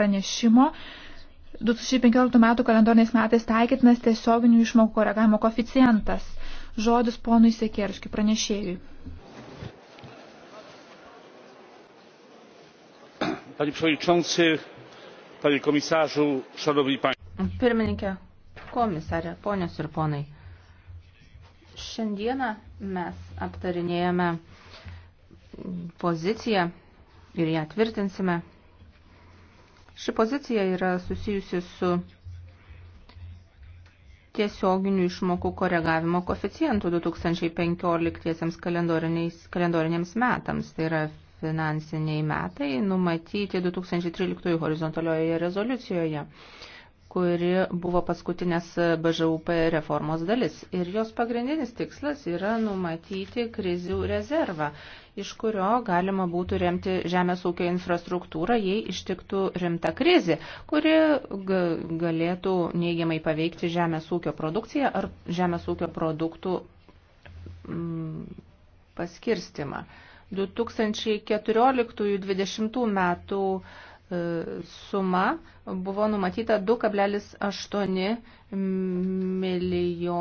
pranešimo 2015 m. kalendoriniais metais taikytinas tiesioginių išmokų koregavimo koficijantas. Žodis ponui Sekeriškiui pranešėjui. Panie Przewodniczący, Panie Komisarzu, Szanowni Państwo. Pirmininkė, komisarė, ponios ir ponai. Šiandieną mes aptarinėjame poziciją ir ją tvirtinsime Ši pozicija yra susijusi su tiesioginių išmokų koregavimo koeficientų 2015 kalendoriniams metams. Tai yra finansiniai metai numatyti 2013 horizontalioje rezoliucijoje kuri buvo paskutinės BŽUP reformos dalis. Ir jos pagrindinis tikslas yra numatyti krizių rezervą, iš kurio galima būtų remti žemės ūkio infrastruktūrą, jei ištiktų rimta krizė, kuri galėtų neigiamai paveikti žemės ūkio produkciją ar žemės ūkio produktų mm, paskirstimą. 2014-2020 metų suma buvo numatyta 2,8 milijo,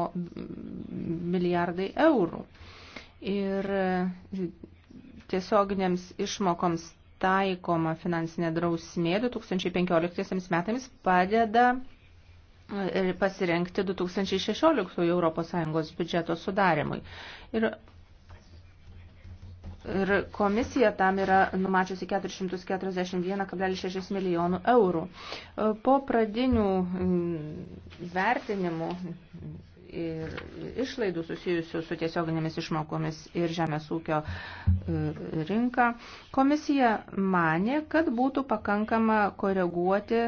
milijardai eurų. Ir tiesioginėms išmokoms taikoma finansinė drausmė 2015 metams padeda e, pasirengti 2016 ES biudžeto sudarimui. Ir Ir komisija tam yra numačiusi 441,6 milijonų eurų. E, po pradinių mm, vertinimų ir išlaidų susijusių su tiesioginėmis išmokomis ir žemės ūkio e, rinka, komisija manė, kad būtų pakankama koreguoti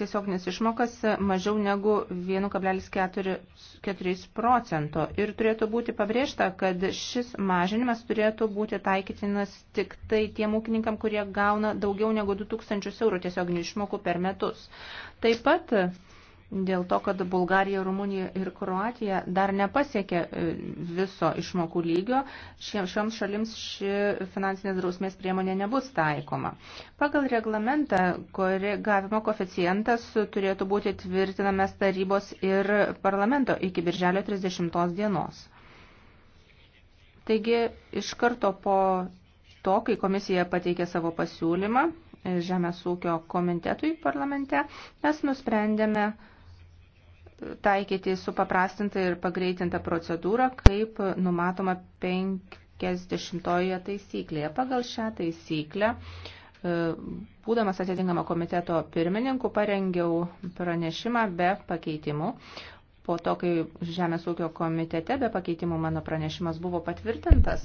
tiesioginės išmokas mažiau negu 1,4 procento. Ir turėtų būti pabrėžta, kad šis mažinimas turėtų būti taikytinas tik tai tiem ūkininkam, kurie gauna daugiau negu 2000 eurų tiesioginių išmokų per metus. Taip pat dėl to, kad Bulgarija, Rumunija ir Kroatija dar nepasiekė e, viso išmokų lygio, šioms šalims ši finansinės drausmės priemonė nebus taikoma. Pagal reglamentą koregavimo koeficientas turėtų būti tvirtinamas tarybos ir parlamento iki birželio 30 dienos. Taigi, iš karto po to, kai komisija pateikė savo pasiūlymą e, Žemės ūkio komitetui parlamente, mes nusprendėme taikyti supaprastintą ir pagreitintą procedūrą, kaip numatoma 50 taisyklėje. Pagal šią taisyklę, e, būdamas atitinkama komiteto pirmininku, parengiau pranešimą be pakeitimų. Po to, kai Žemės ūkio komitete be pakeitimų mano pranešimas buvo patvirtintas,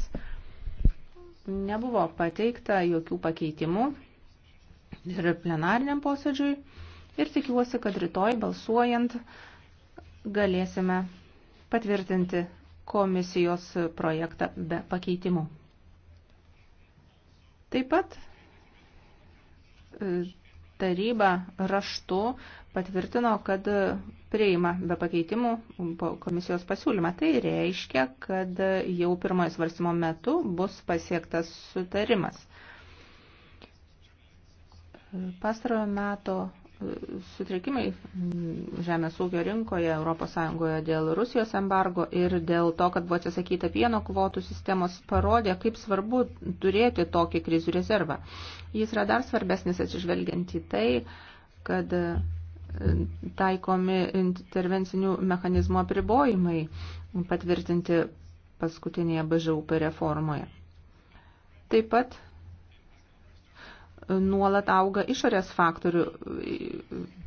nebuvo pateikta jokių pakeitimų ir plenariniam posėdžiui. Ir tikiuosi, kad rytoj balsuojant galėsime patvirtinti komisijos projektą be pakeitimų. Taip pat e, taryba raštu patvirtino, kad prieima be pakeitimų komisijos pasiūlymą. Tai reiškia, kad jau pirmojo svarstymo metu bus pasiektas sutarimas. Pastarojo meto sutrikimai žemės ūkio rinkoje ES dėl Rusijos embargo ir dėl to, kad buvo atsisakyta pieno kvotų sistemos, parodė, kaip svarbu turėti tokį krizių rezervą. Jis yra dar svarbesnis atsižvelgiant į tai, kad e, taikomi intervencinių mechanizmų apribojimai patvirtinti paskutinėje BŽUP reformoje. Taip pat nuolat auga išorės faktorių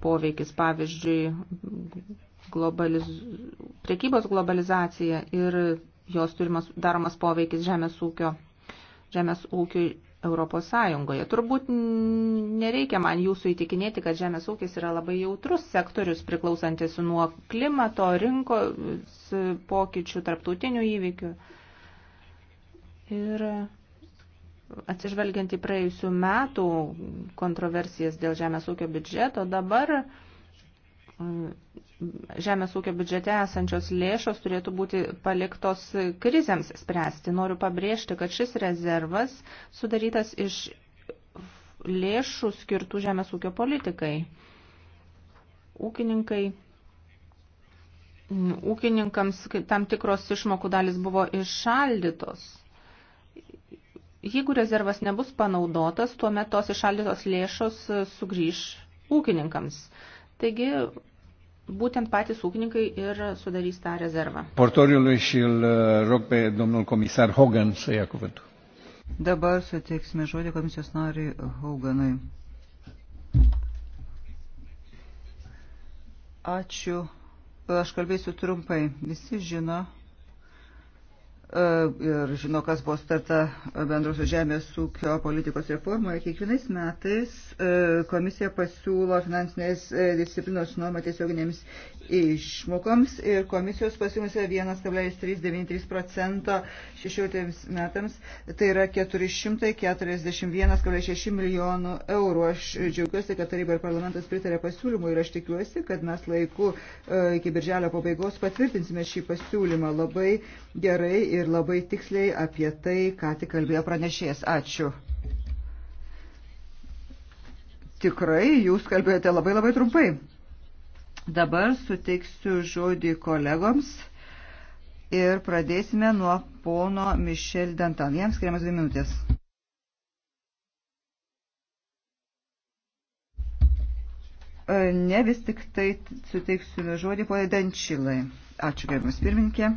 poveikis, pavyzdžiui, globaliz... priekybos globalizacija ir jos turimas daromas poveikis žemės ūkio, žemės ūkiui Europos Sąjungoje. Turbūt nereikia man jūsų įtikinėti, kad žemės ūkis yra labai jautrus sektorius priklausantis nuo klimato, rinkos pokyčių, tarptautinių įvykių. Ir atsižvelgiant į praėjusių metų kontroversijas dėl žemės ūkio biudžeto, dabar mm, žemės ūkio biudžete esančios lėšos turėtų būti paliktos krizėms spręsti. Noriu pabrėžti, kad šis rezervas sudarytas iš lėšų skirtų žemės ūkio politikai. Ūkininkai, ūkininkams tam tikros išmokų dalis buvo iššaldytos. Jeigu rezervas nebus panaudotas, tuomet tos išaldytos lėšos e, sugrįž ūkininkams. Taigi, būtent patys ūkininkai ir sudarys tą rezervă. Portoriului și e, îl rog pe domnul comisar Hogan să ia cuvântul. Dabar suteiksime žodį komisijos nariui Hoganui. Ačiū. Aš kalbėsiu trumpai. Visi žino, E, ir žino, kas buvo starta bendros žemės ūkio politikos reformoje. Kiekvienais metais e, komisija pasiūlo finansinės e, disciplinos normą tiesioginėms išmokoms ir komisijos pasiūlymuose 1,393 procento 16 metams, tai yra 441,6 milijonų eurų. Aš džiaugiuosi, kad taryba ir parlamentas pritarė pasiūlymui ir aš tikiuosi, kad mes laiku iki birželio pabaigos patvirtinsime šį pasiūlymą labai gerai ir ir labai tiksliai apie tai, ką tik kalbėjo pranešėjas. Ačiū. Tikrai, jūs kalbėjote labai labai trumpai. Dabar suteiksiu žodį kolegoms ir pradėsime nuo pono Mišel Dantan. Jam skiriamas dvi minutės. E, ne vis tik tai suteiksiu žodį poje Dančilai. Ačiū, gerbimas pirmininkė.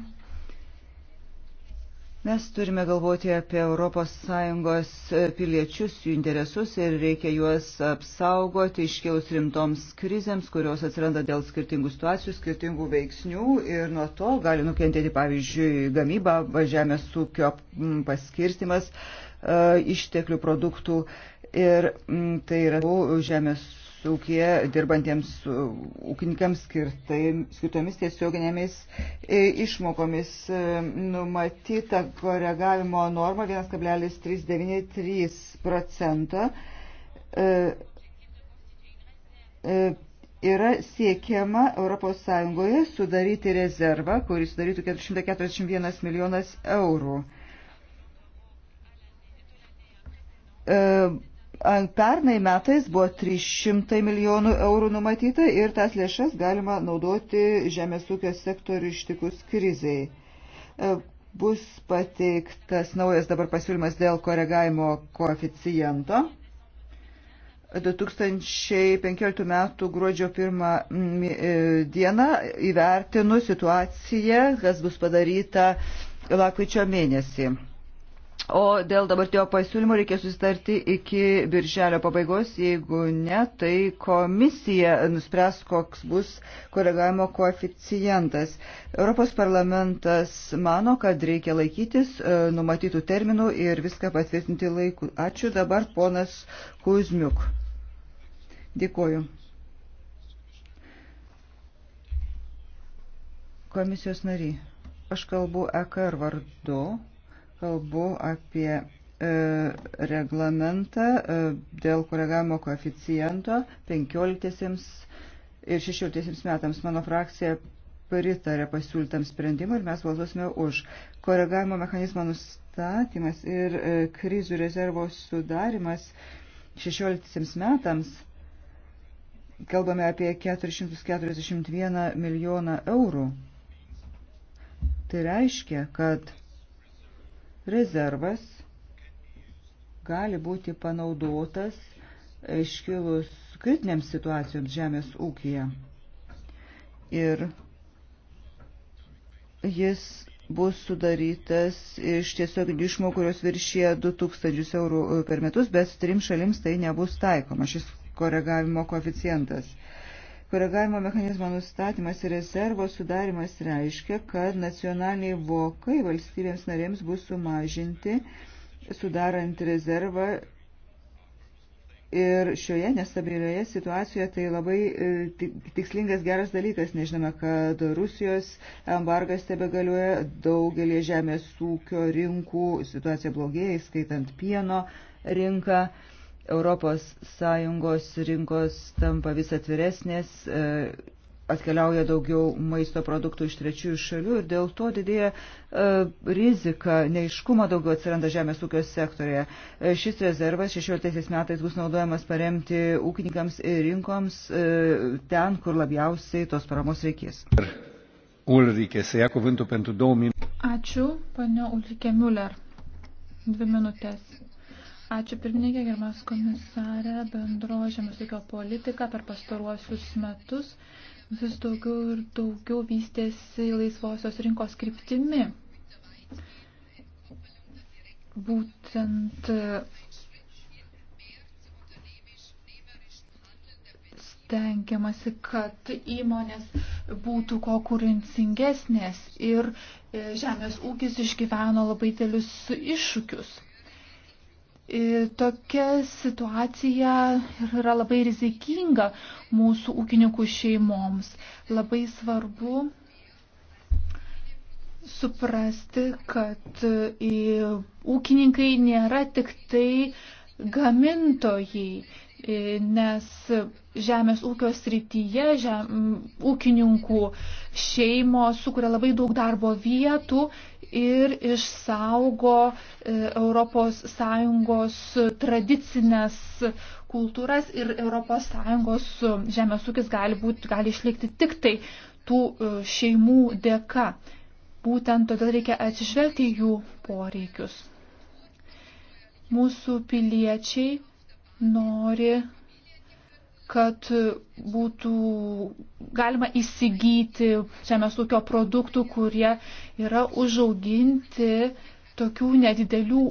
Mes turime galvoti apie ES e, piliečius, jų interesus ir reikia juos apsaugoti iškilus rimtoms krizėms, kurios atsiranda dėl skirtingų situacijų, skirtingų veiksnių ir nuo to gali nukentėti, pavyzdžiui, gamyba, žemės ūkio paskirstimas, e, išteklių produktų ir tai yra žemės ūkija dirbantiems e, ūkininkams skirtai, skirtomis tiesioginėmis e, išmokomis e, numatyta koregavimo norma 1,393 procentą yra siekiama ES sudaryti rezervą, kuris sudarytų 441 milijonas eurų. E, Pernai metais buvo 300 milijonų eurų numatyta ir tas lėšas galima naudoti žemės ūkio sektorių ištikus kriziai. E, bus pateiktas naujas dabar pasiūlymas dėl koregavimo koeficiento. 2015 m. gruodžio 1 mm, e, dieną įvertinu situaciją, kas bus padaryta lakvičio mėnesį. O dėl dabartio pasiūlymo reikia susitarti iki birželio pabaigos. Jeigu ne, tai komisija nuspręs, koks bus koregavimo koeficientas. Europos parlamentas mano, kad reikia laikytis e, numatytų terminų ir viską patvirtinti laiku. Ačiū dabar ponas Kuzmiuk. Dėkuoju. Komisijos nariai, aš kalbu EKR vardu. Kalbu apie e, reglamentą e, dėl koregavimo koeficiento 15 ir 16 metams. Mano frakcija pritarė pasiūlytam sprendimui ir mes balsuosime už. Koregavimo mechanizmo nustatymas ir e, krizių rezervo sudarimas 16 metams kalbame apie 441 milijoną eurų. Tai reiškia, kad Rezervas gali būti panaudotas iškilus kritiniams situacijoms žemės ūkija. Ir jis bus sudarytas iš tiesiog išmokų, kurios viršyje 2000 eurų per metus, bet trim šalims tai nebus taikoma šis koregavimo koeficientas. Koregavimo mechanizmo nustatymas ir rezervo sudarimas reiškia, kad nacionaliniai vokai valstybėms narėms bus sumažinti, sudarant rezervą. Ir šioje nestabilioje situacijoje tai labai e, tikslingas geras dalykas. Nežinome, kad Rusijos embargas tebegaliuoja daugelį žemės ūkio rinkų, situacija blogėja, skaitant pieno rinką. ES rinkos tampa vis atviresnės, e, atkeliauja daugiau maisto produktų iš trečiųjų šalių ir dėl to didėja e, rizika, neiškumo daugiau atsiranda žemės ūkio sektorėje. E, šis rezervas 16 metais bus naudojamas paremti ūkininkams ir rinkoms ten, kur labiausiai tos paramos reikės. Ulrike, se ia cuvântul pentru două minute. Ačiū, ponia Ulrike Müller. Dvi minutės. Ačiū pirmininkė, gerbiamas komisarė, bendro žemės ūkio politika per pastaruosius metus vis daugiau ir daugiau vystėsi laisvosios rinkos kryptimi. Būtent stengiamasi, kad įmonės būtų konkurencingesnės ir e, žemės ūkis išgyveno labai dėlius iššūkius. E, tokia situacija yra labai rizikinga mūsų ūkininkų šeimoms. Labai svarbu suprasti, kad e, ūkininkai nėra tik tai gamintojai, e, nes žemės ūkio srityje žem, ūkininkų šeimos sukuria labai daug darbo vietų ir išsaugo ES tradicinės kultūras ir ES žemės ūkis gali, būt, gali išlikti tik tai tų e, šeimų dėka. Būtent todėl reikia atsižvelgti jų poreikius. Mūsų piliečiai nori kad būtų galima įsigyti žemės ūkio produktų, kurie yra užauginti tokių nedidelių,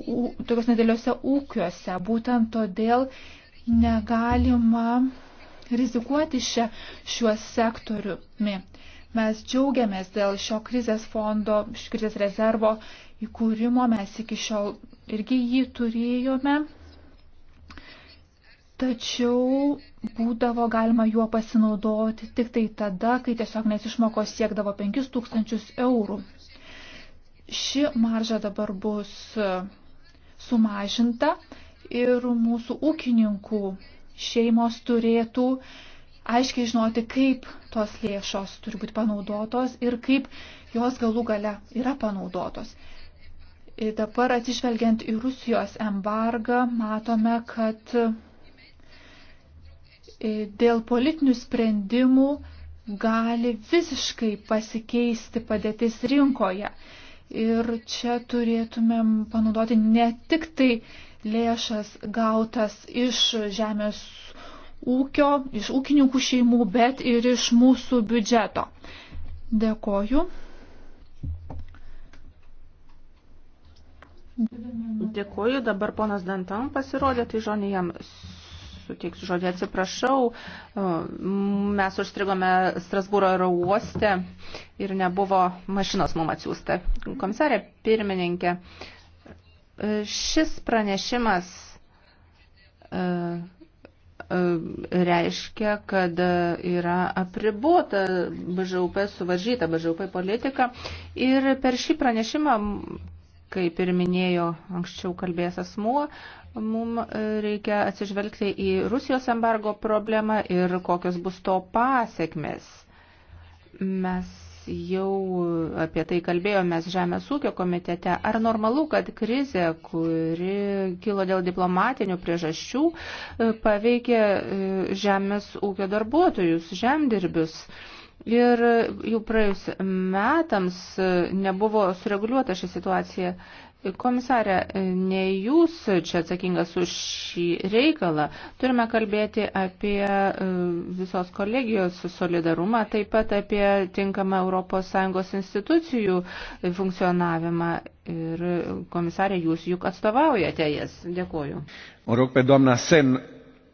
tokios nedideliuose ūkiuose. Būtent todėl negalima rizikuoti šia, šiuo sektoriumi. Mes džiaugiamės dėl šio krizės fondo, šio krizės rezervo įkūrimo, mes iki šiol irgi jį turėjome. Tačiau būdavo galima juo pasinaudoti tik tai tada, kai tiesioginės išmokos siekdavo 5000 eurų. Ši marža dabar bus e, sumažinta ir mūsų ūkininkų šeimos turėtų aiškiai žinoti, kaip tos lėšos turi būti panaudotos ir kaip jos galų gale yra panaudotos. Ir dabar atsižvelgiant į Rusijos embargą, matome, kad E, dėl politinių sprendimų gali visiškai pasikeisti padėtis rinkoje. Ir čia turėtumėm panaudoti ne tik tai lėšas gautas iš žemės ūkio, iš ūkininkų šeimų, bet ir iš mūsų biudžeto. Dėkoju. Dėkoju, dabar ponas Dantam pasirodė, tai žonė jam suteiksiu žodį. Atsiprašau, e, mes užstrigome Strasbūro oro uoste ir nebuvo mašinos mums atsiųsta. Komisarė pirmininkė, e, šis pranešimas e, reiškia, kad yra apribota BŽUP, suvaržyta BŽUP politika ir per šį pranešimą kaip ir minėjo anksčiau kalbėjęs asmuo, mums e, reikia atsižvelgti į Rusijos embargo problemą ir kokios bus to pasiekmes. Mes jau apie tai kalbėjomės Žemės ūkio komitete. Ar normalu, kad krizė, kuri kilo dėl diplomatinių priežasčių, e, paveikė e, Žemės ūkio darbuotojus, žemdirbius? Ir jau praėjus metams nebuvo sureguliuota ši situacija. Komisarė, ne jūs čia atsakingas už šį reikalą. Turime kalbėti apie e, visos kolegijos solidarumą, taip pat apie tinkamą ES institucijų funkcionavimą. Ir komisarė, jūs juk atstovaujate jas. Dėkuoju. O rūpė, domna Sen,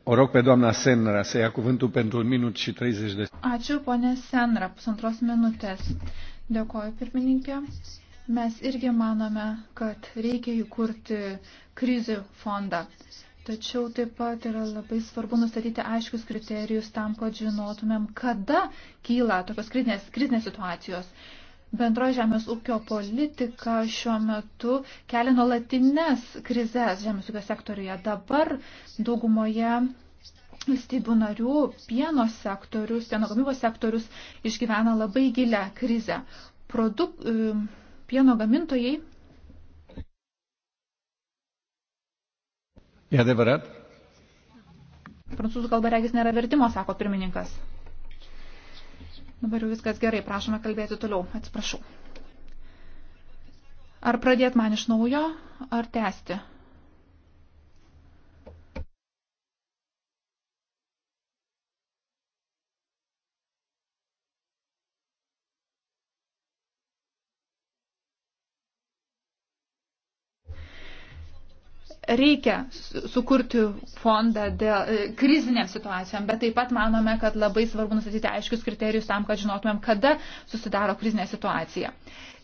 O rog pe doamna Senra să ia cuvântul pentru un minut și 30 de... Ačiū, ponė Senra, pusantros minutės. Dėkoju, pirmininkė. Mes irgi manome, kad reikia įkurti krizių fondą. Tačiau taip pat yra labai svarbu nustatyti aiškius kriterijus tam, kad žinotumėm, kada kyla tokios krizinės, krizinės situacijos. Uh, bendroji žemės ūkio politika šiuo metu kelia nuolatines krizės žemės ūkio sektoriuje. Dabar daugumoje valstybių narių pieno sektorius, pieno gamybos sektorius išgyvena labai gilę krizę. Produk, e, pieno gamintojai. E adevărat? Prancūzų kalba regis nėra vertimo, sako pirmininkas. Dabar jau viskas gerai, prašome kalbėti toliau. Atsiprašau. Ar pradėt man iš naujo, ar tęsti? reikia sukurti fondą dėl e, kriziniam situacijom, bet taip pat manome, kad labai svarbu nustatyti aiškius kriterijus tam, kad žinotumėm, kada susidaro krizinė situacija.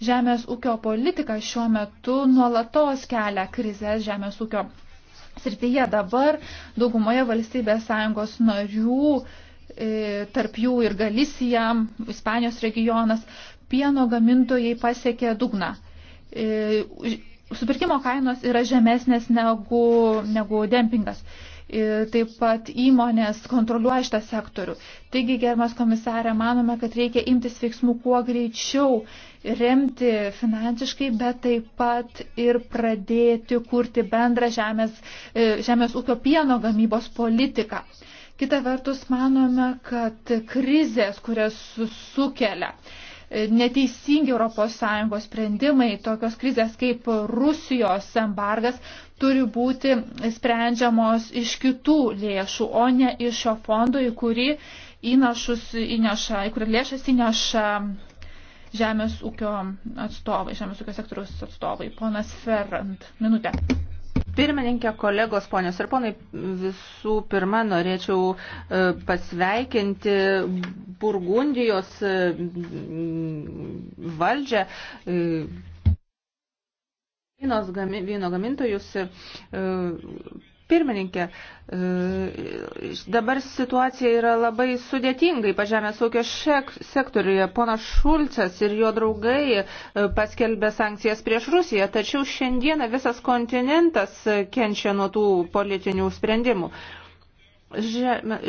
Žemės ūkio politika šiuo metu nuolatos kelia krizės žemės ūkio srityje. Dabar daugumoje valstybės sąjungos narių, e, tarp jų ir Galicija, Ispanijos regionas, pieno gamintojai pasiekė dugną e, supirkimo kainos yra žemesnės negu, negu dempingas. Taip pat įmonės kontroliuoja šitą sektorių. Taigi, gerbiamas komisarė, manome, kad reikia imtis veiksmų kuo greičiau, remti finansiškai, bet taip pat ir pradėti kurti bendrą žemės, e, žemės ūkio pieno gamybos politiką. Kita vertus, manome, kad krizės, kurias sukelia, su neteisingi ES sprendimai, tokios krizės kaip Rusijos embargas, turi būti sprendžiamos iš kitų lėšų, o ne iš šio fondo, į kurį įnašus įneša, į kurį lėšas įneša žemės ūkio atstovai, žemės ūkio sektoriaus atstovai. Ponas Ferrand, minutė pirmininkė, kolegos, ponios ir ponai, visų pirma norėčiau e, pasveikinti Burgundijos e, valdžią. E, vyno gamintojus Pirmininkė, e, dabar situacija yra labai sudėtinga, ypač žemės ūkio sektoriuje. Ponas Šulcas ir jo draugai e, paskelbė sankcijas prieš Rusiją, tačiau šiandieną visas kontinentas e, kenčia nuo tų politinių sprendimų. Žemė,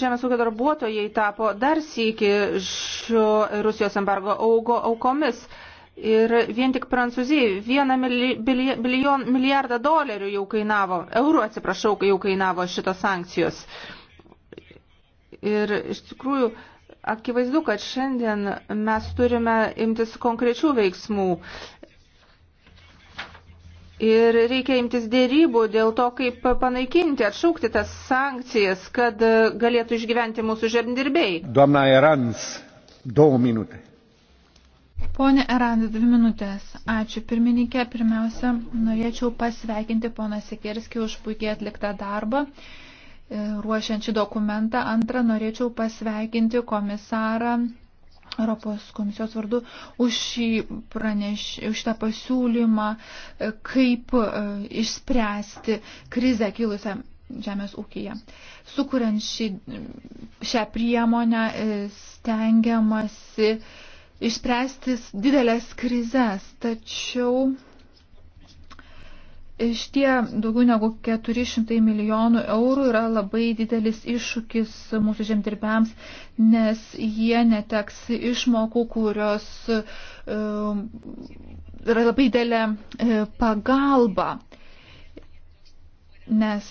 žemės ūkio darbuotojai tapo dar sykį šio Rusijos embargo augo aukomis. Au Ir vien tik Prancūzijai vieną milijon, milijardą dolerių jau kainavo, eurų atsiprašau, jau kainavo šitos sankcijos. Ir iš tikrųjų, akivaizdu, kad šiandien mes turime imtis konkrečių veiksmų. Ir reikia imtis dėrybų dėl to, kaip panaikinti, atšaukti tas sankcijas, kad galėtų išgyventi mūsų žemdirbėjai. Domna Erans, du minutės. Pone Erandė, dvi minutės. Ačiū pirmininkė. Pirmiausia, norėčiau pasveikinti poną Sikerskį už puikiai atliktą darbą e, ruošiančią dokumentą. Antra, norėčiau pasveikinti komisarą Europos komisijos vardu už, šį praneš, už tą pasiūlymą, e, kaip e, išspręsti krizę kilusią žemės ūkyje. Sukuriant šį, šią priemonę stengiamasi išspręsti didelės krizės, tačiau iš tie daugiau negu 400 milijonų eurų yra labai didelis iššūkis mūsų žemdirbiams, nes jie neteks išmokų, kurios e, yra labai didelė e, pagalba, nes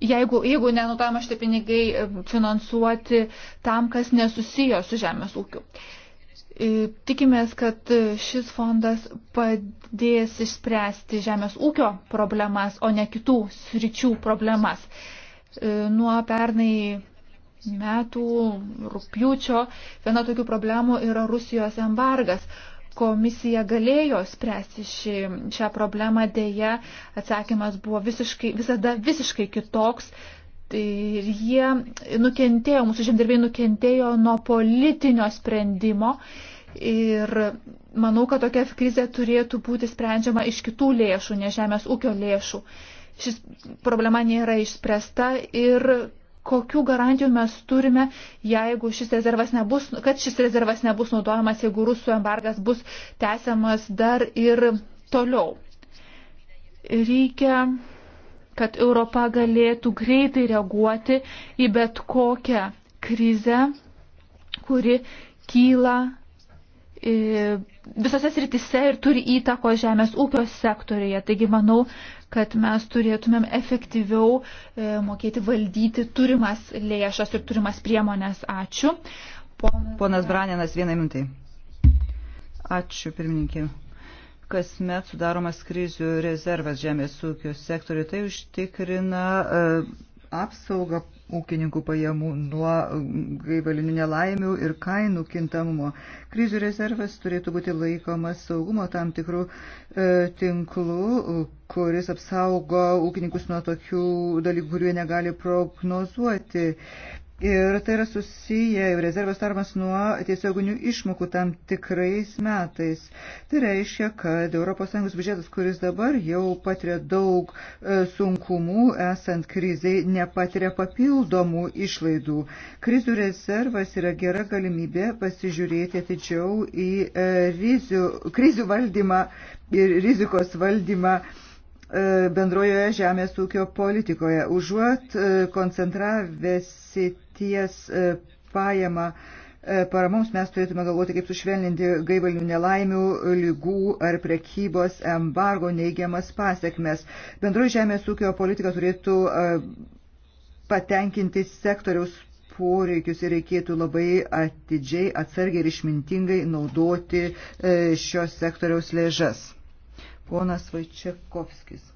jeigu, jeigu nenutama šitie pinigai e, finansuoti tam, kas nesusijo su žemės ūkiu. E, tikimės, kad e, šis fondas padės išspręsti žemės ūkio problemas, o ne kitų sričių problemas. Nuo pernai metų rūpjūčio viena tokių problemų yra Rusijos embargas, komisija galėjo spręsti šį, šią problemą, dėja atsakymas buvo visiškai, visada visiškai kitoks. Tai ir jie nukentėjo, mūsų žemdirbiai nukentėjo nuo politinio sprendimo. Ir manau, kad tokia krizė turėtų būti sprendžiama iš kitų lėšų, ne žemės ūkio lėšų. Šis problema nėra išspręsta ir kokių garantijų mes turime, jeigu šis rezervas nebus, kad šis rezervas nebus naudojamas, jeigu rusų embargas bus tęsiamas dar ir toliau. Reikia, kad Europa galėtų greitai reaguoti į bet kokią krizę, kuri kyla e, visose sritise ir turi įtako žemės ūkio sektorėje. Taigi, manau, kad mes turėtumėm efektyviau e, mokėti valdyti turimas lėšas ir turimas priemonės. Ačiū. Ponas, Ponas Braninas, vieną minutį. Ačiū, pirmininkė kasmet sudaromas krizių rezervas žemės ūkio sektoriui. Tai užtikrina e, apsaugą ūkininkų pajamų nuo gaivalinių nelaimių ir kainų kintamumo. Krizių rezervas turėtų būti laikomas saugumo tam tikrų e, tinklų, kuris apsaugo ūkininkus nuo tokių dalykų, kurių jie negali prognozuoti. Ir tai yra susiję rezervas tarmas nuo tiesioginių išmokų tam tikrais metais. Tai reiškia, kad ES biudžetas, kuris dabar jau patiria daug e, sunkumų esant kriziai, nepatiria papildomų išlaidų. Krizių rezervas yra gera galimybė pasižiūrėti atidžiau į e, rizių, krizių valdymą ir rizikos valdymą e, bendrojoje žemės ūkio politikoje, užuot koncentravęsi ties e, pajama e, paramoms mes turėtume galvoti, kaip sušvelninti gaivalinių nelaimių, lygų ar prekybos embargo neigiamas pasiekmes. Bendroji žemės ūkio politika turėtų e, patenkinti sektoriaus poreikius ir reikėtų labai atidžiai, atsargiai ir išmintingai naudoti šios sektoriaus lėžas. Ponas Vaičiakovskis.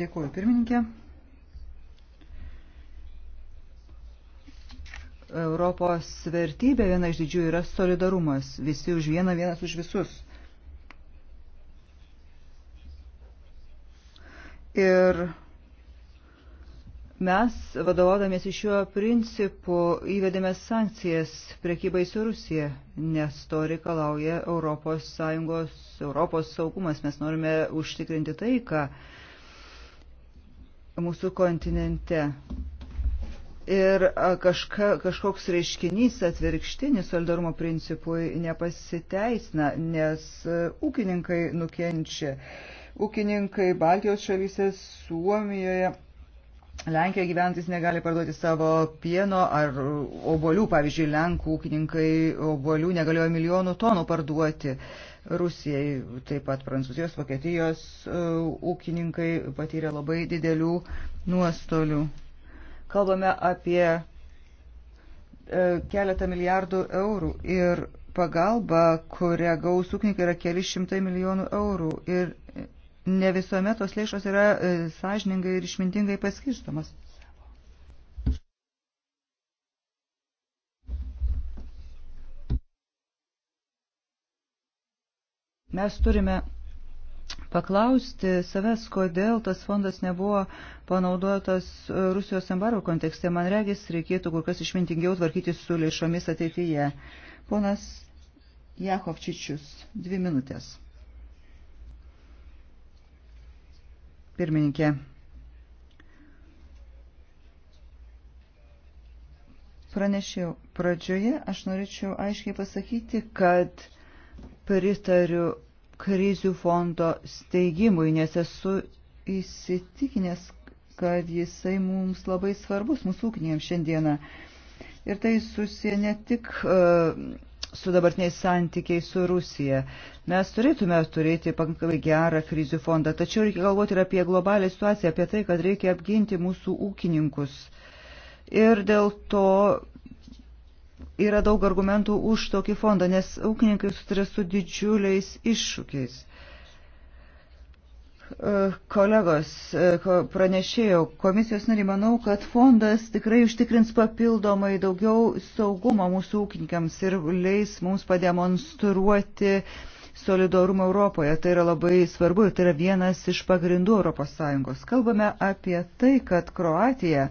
Dėkuoju, pirmininkė. Europos vertybė viena iš didžiųjų yra solidarumas. Visi už vieną, vienas už visus. Ir mes, vadovaudamėsi šiuo principu, įvedėme sankcijas prekybai su Rusija, nes to reikalauja Europos Sąjungos, Europos saugumas. Mes norime užtikrinti taiką. ką mūsų kontinente. Ir kažka, kažkoks reiškinys atvirkštinis solidarumo principui nepasiteisna, nes e, ūkininkai nukenčia. Ūkininkai Baltijos šalyse, Suomijoje Lenkijoje gyventis negali parduoti savo pieno ar obolių. Pavyzdžiui, Lenkų ūkininkai obolių negalėjo milijonų tonų parduoti. Rusijai, taip pat Prancūzijos, Vokietijos e, ūkininkai patyrė labai didelių nuostolių. Kalbame apie e, keletą milijardų eurų ir pagalba, kurią gaus ūkininkai, yra keli šimtai milijonų eurų. Ir ne visuomet tos lėšos yra e, sąžiningai ir išmintingai paskirstomas. Mes turime paklausti savęs, kodėl tas fondas nebuvo panaudotas e, Rusijos embargo kontekste. Man regis, reikėtų kur kas išmintingiau tvarkyti su lėšomis ateityje. Ponas Jakovčičius, dvi minutės. Pirmininkė. Pranešiau pradžioje, aš norėčiau aiškiai pasakyti, kad pritariu krizių fondo steigimui, nes esu įsitikinęs, kad jisai mums labai svarbus mūsų ūkinėms šiandieną. Ir tai susiję ne tik uh, su dabartiniais santykiais su Rusija. Mes turėtume turėti pakankamai gerą krizių fondą, tačiau reikia galvoti ir apie globalią situaciją, apie tai, kad reikia apginti mūsų ūkininkus. Ir dėl to yra daug argumentų už tokį fondą, nes ūkininkai susiduria su didžiuliais iššūkiais. E, kolegos, e, pranešėjau, komisijos nariai, manau, kad fondas tikrai užtikrins papildomai daugiau saugumo mūsų ūkininkams ir leis mums pademonstruoti solidarumą Europoje. Tai yra labai svarbu ir tai yra vienas iš pagrindų ES. Kalbame apie tai, kad Kroatija,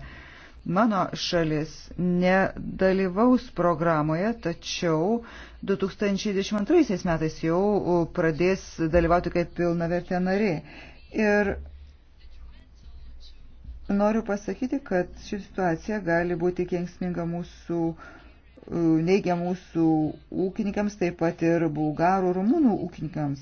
mano šalis, nedalyvaus programoje, tačiau 2022 metais jau pradės dalyvauti kaip pilna vertė nariai. Ir noriu pasakyti, kad ši situacija gali būti kengsminga mūsų, e, neigia mūsų ūkininkams, taip pat ir bulgarų, rumunų ūkininkams.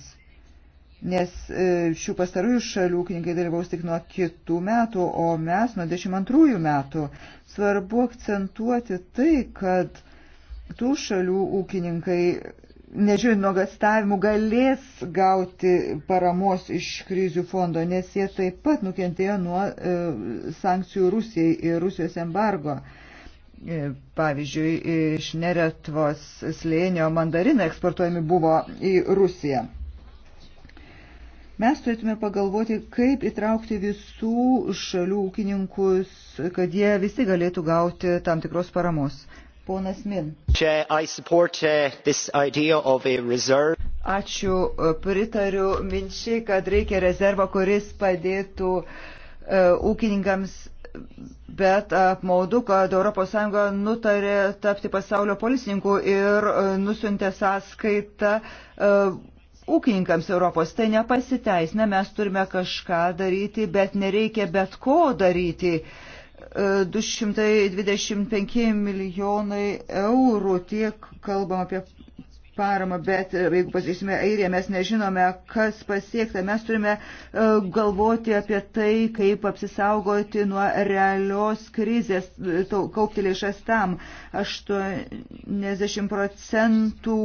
Nes e, šių pastarųjų šalių ūkininkai dalyvaus tik nuo kitų metų, o mes nuo 22 metų. Svarbu akcentuoti tai, kad tų šalių ūkininkai nežiūrint nuogastavimų, galės gauti paramos iš krizių fondo, nes jie taip pat nukentėjo nuo e, sankcijų Rusijai ir Rusijos embargo. E, pavyzdžiui, iš Neretvos slėnio mandarinai eksportuojami buvo į Rusiją. Mes turėtume pagalvoti, kaip įtraukti visų šalių ūkininkus, kad jie visi galėtų gauti tam tikros paramos. Ponas Min. Čia, support, uh, Ačiū, uh, pritariu minčiai, kad reikia rezervo, kuris padėtų uh, ūkininkams bet apmaudu, kad ES nutarė tapti pasaulio policininku ir uh, nusintė sąskaitą uh, ūkininkams Europos. Tai nepasiteisina, mes turime kažką daryti, bet nereikia bet ko daryti. Uh, 225 milijonai eurų tiek kalbam apie paramą, bet e, jeigu pasieksime Airiją, mes nežinome, kas pasiekta. Mes turime e, galvoti apie tai, kaip apsisaugoti nuo realios krizės, e, kaupti lėšas tam. 80 procentų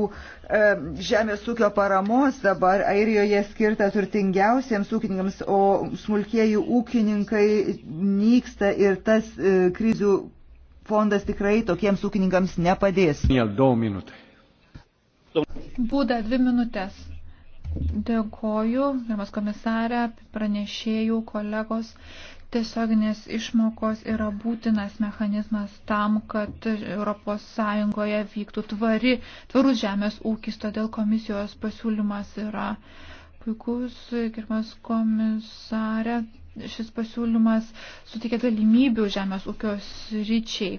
žemės ūkio paramos dabar Airijoje skirta turtingiausiems ūkininkams, o smulkėjų ūkininkai nyksta ir tas krizių fondas tikrai tokiems ūkininkams nepadės. Dėl daug minutai. Būda dvi minutės. Dėkoju, gerbiamas komisarė, pranešėjų, kolegos. Tiesioginės išmokos yra būtinas mechanizmas tam, kad ES vyktų tvari, tvarus žemės ūkis, todėl komisijos pasiūlymas yra puikus, gerbiamas komisarė. Šis pasiūlymas suteikia galimybių žemės ūkio sričiai.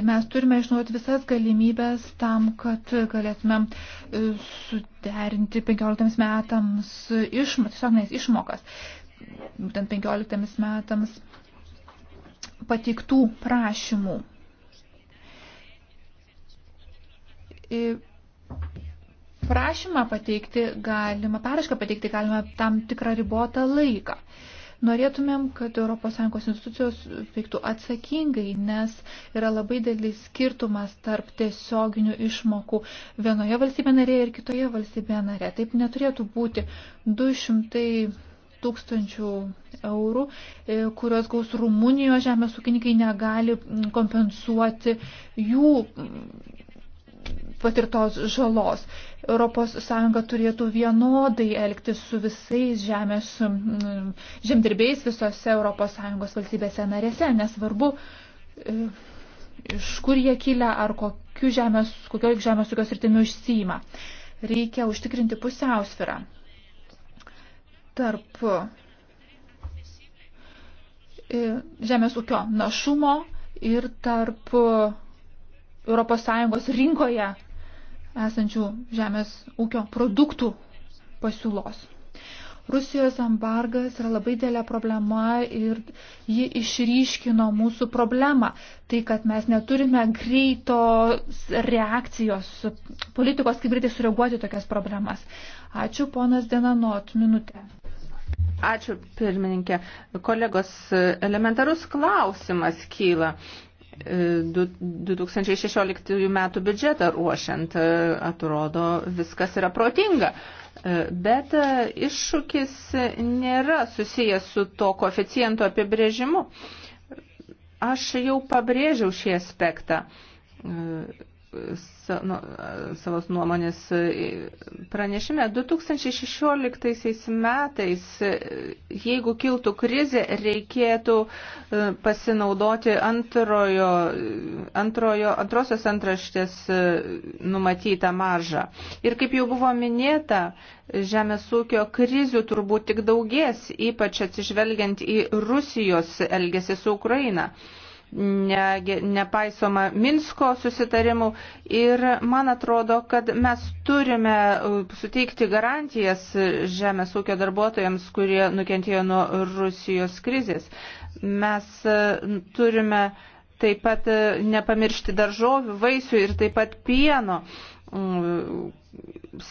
Mes turime išnaudoti visas galimybės tam, kad galėtume e, suderinti 15 metams išmo, tiesioginės išmokas. Būtent 15 metams pateiktų prašymų. E, prašymą pateikti galima, parašką pateikti galima tam tikrą ribotą laiką. Norėtumėm, kad ES institucijos veiktų atsakingai, nes yra labai didelis skirtumas tarp tiesioginių išmokų vienoje valstybė narėje ir kitoje valstybė narėje. Taip neturėtų būti 200 tūkstančių eurų, e, kuriuos gaus Rumunijos žemės ūkininkai negali kompensuoti jų patirtos žalos. ES turėtų vienodai elgtis su visais žemės žemdirbiais visose ES valstybėse narėse, nesvarbu, e, iš kur jie kilia ar kokiu žemės, kokio žemės tokios rytimi užsima. Reikia užtikrinti pusiausvirą tarp e, žemės ūkio našumo ir tarp ES rinkoje esančių žemės ūkio produktų pasiūlos. Rusijos embargas yra labai dėlė problema ir ji išryškino mūsų problemą. Tai, kad mes neturime greitos reakcijos politikos, kaip greitai sureaguoti tokias problemas. Ačiū, ponas Denanot, minutė. Ačiū, pirmininkė. Kolegos, elementarus klausimas kyla. 2016 metų biudžetą ruošiant, e, atrodo, viskas yra protinga. E, bet e, iššūkis nėra susijęs su to koeficiento apibrėžimu. Aš jau pabrėžiau šį aspektą. Nu, savos nuomonės pranešime. 2016 metais, jeigu kiltų krizė, reikėtų e, pasinaudoti antrojo, antrojo, antrosios antraštės e, numatytą maržą. Ir kaip jau buvo minėta, žemės ūkio krizių turbūt tik daugės, ypač atsižvelgiant į Rusijos elgesį su Ukraina ne, nepaisoma Minsko susitarimų ir man atrodo, kad mes turime uh, suteikti garantijas žemės ūkio darbuotojams, kurie nukentėjo nuo Rusijos krizės. Mes uh, turime taip pat uh, nepamiršti daržovių, vaisių ir taip pat pieno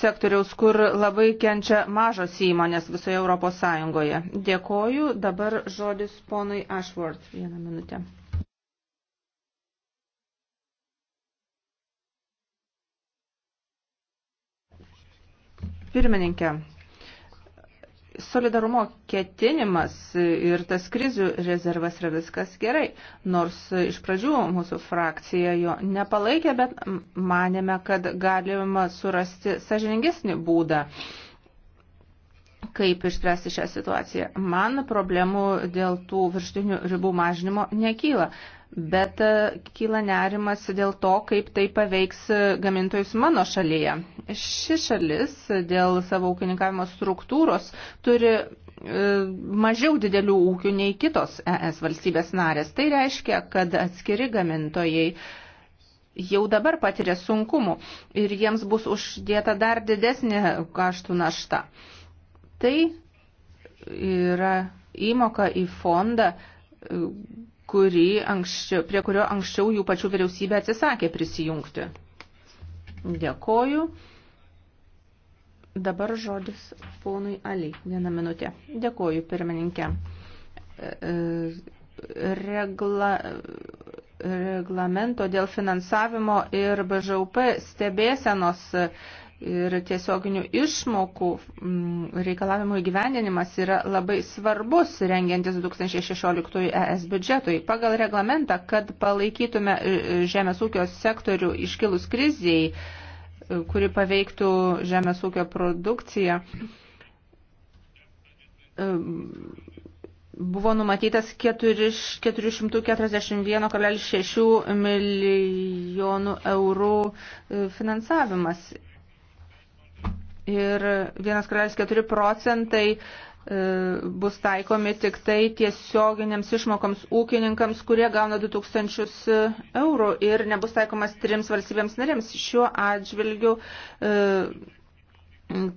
sektoriaus, kur labai kenčia mažos įmonės visoje Europos Sąjungoje. Dėkoju. Dabar žodis ponui Ashworth. Vieną minutę. Pirmininkė, solidarumo ketinimas ir tas krizių rezervas yra viskas gerai. Nors iš pradžių mūsų frakcija jo nepalaikė, bet manėme, kad galima surasti sažiningesnį būdą kaip išspręsti šią situaciją. Man problemų dėl tų virštinių ribų mažinimo nekyla bet e, kyla nerimas dėl to, kaip tai paveiks e, gamintojus mano šalyje. Ši šalis e, dėl savo ūkininkavimo struktūros turi mažiau didelių ūkių nei kitos ES valstybės narės. Tai reiškia, kad atskiri gamintojai jau dabar patiria sunkumų ir jiems bus uždėta dar didesnė kaštų našta. Tai yra įmoka į fondą anksčiau, prie kurio anksčiau jų pačių vyriausybė atsisakė prisijungti. Dėkoju. Dabar žodis ponui Ali. Vieną minutę. Dėkoju, pirmininkė. E, e, regla, reglamento dėl finansavimo ir BŽUP stebėsenos ir tiesioginių išmokų mm, reikalavimų įgyvendinimas yra labai svarbus rengiantis 2016 ES biudžetui. Pagal reglamentą, kad palaikytume e, e, žemės ūkio sektorių iškilus kriziai, e, kuri paveiktų žemės ūkio produkciją, buvo numatytas 441,6 milijonų eurų finansavimas ir 1,4 procentai e, bus taikomi tik tai tiesioginiams išmokoms ūkininkams, kurie gauna 2000 eurų ir nebus taikomas trims valstybėms narėms. Šiuo atžvilgiu e,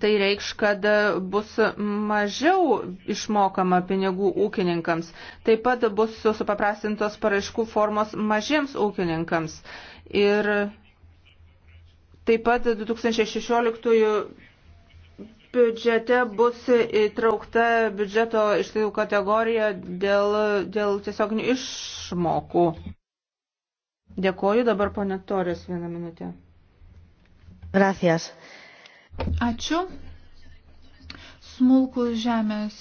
tai reikš, kad bus mažiau išmokama pinigų ūkininkams. Taip pat bus supaprastintos paraiškų formos mažiems ūkininkams. Ir taip pat 2016 biudžete bus įtraukta biudžeto išlaidų kategorija dėl, dėl tiesioginių išmokų. Dėkoju dabar ponė Torės vieną minutę. Gracias. Ačiū. Smulkų žemės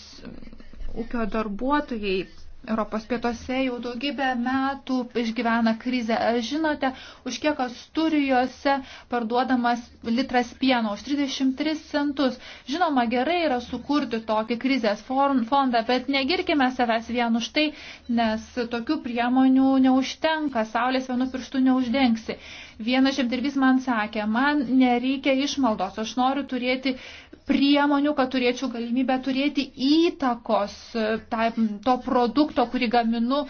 ūkio darbuotojai Europos pietuose jau daugybę metų išgyvena krizę. Ar žinote, už kiek Asturijose parduodamas litras pieno? Už 33 centus. Žinoma, gerai yra sukurti tokį krizės fondą, bet negirkime savęs vien už tai, nes tokių priemonių neužtenka, saulės vienu pirštu neuždengsi. Vienas žemdirbys man sakė, man nereikia išmaldos, aš noriu turėti priemonių, kad turėčiau galimybę turėti įtakos e, tai, to produkto, kurį gaminu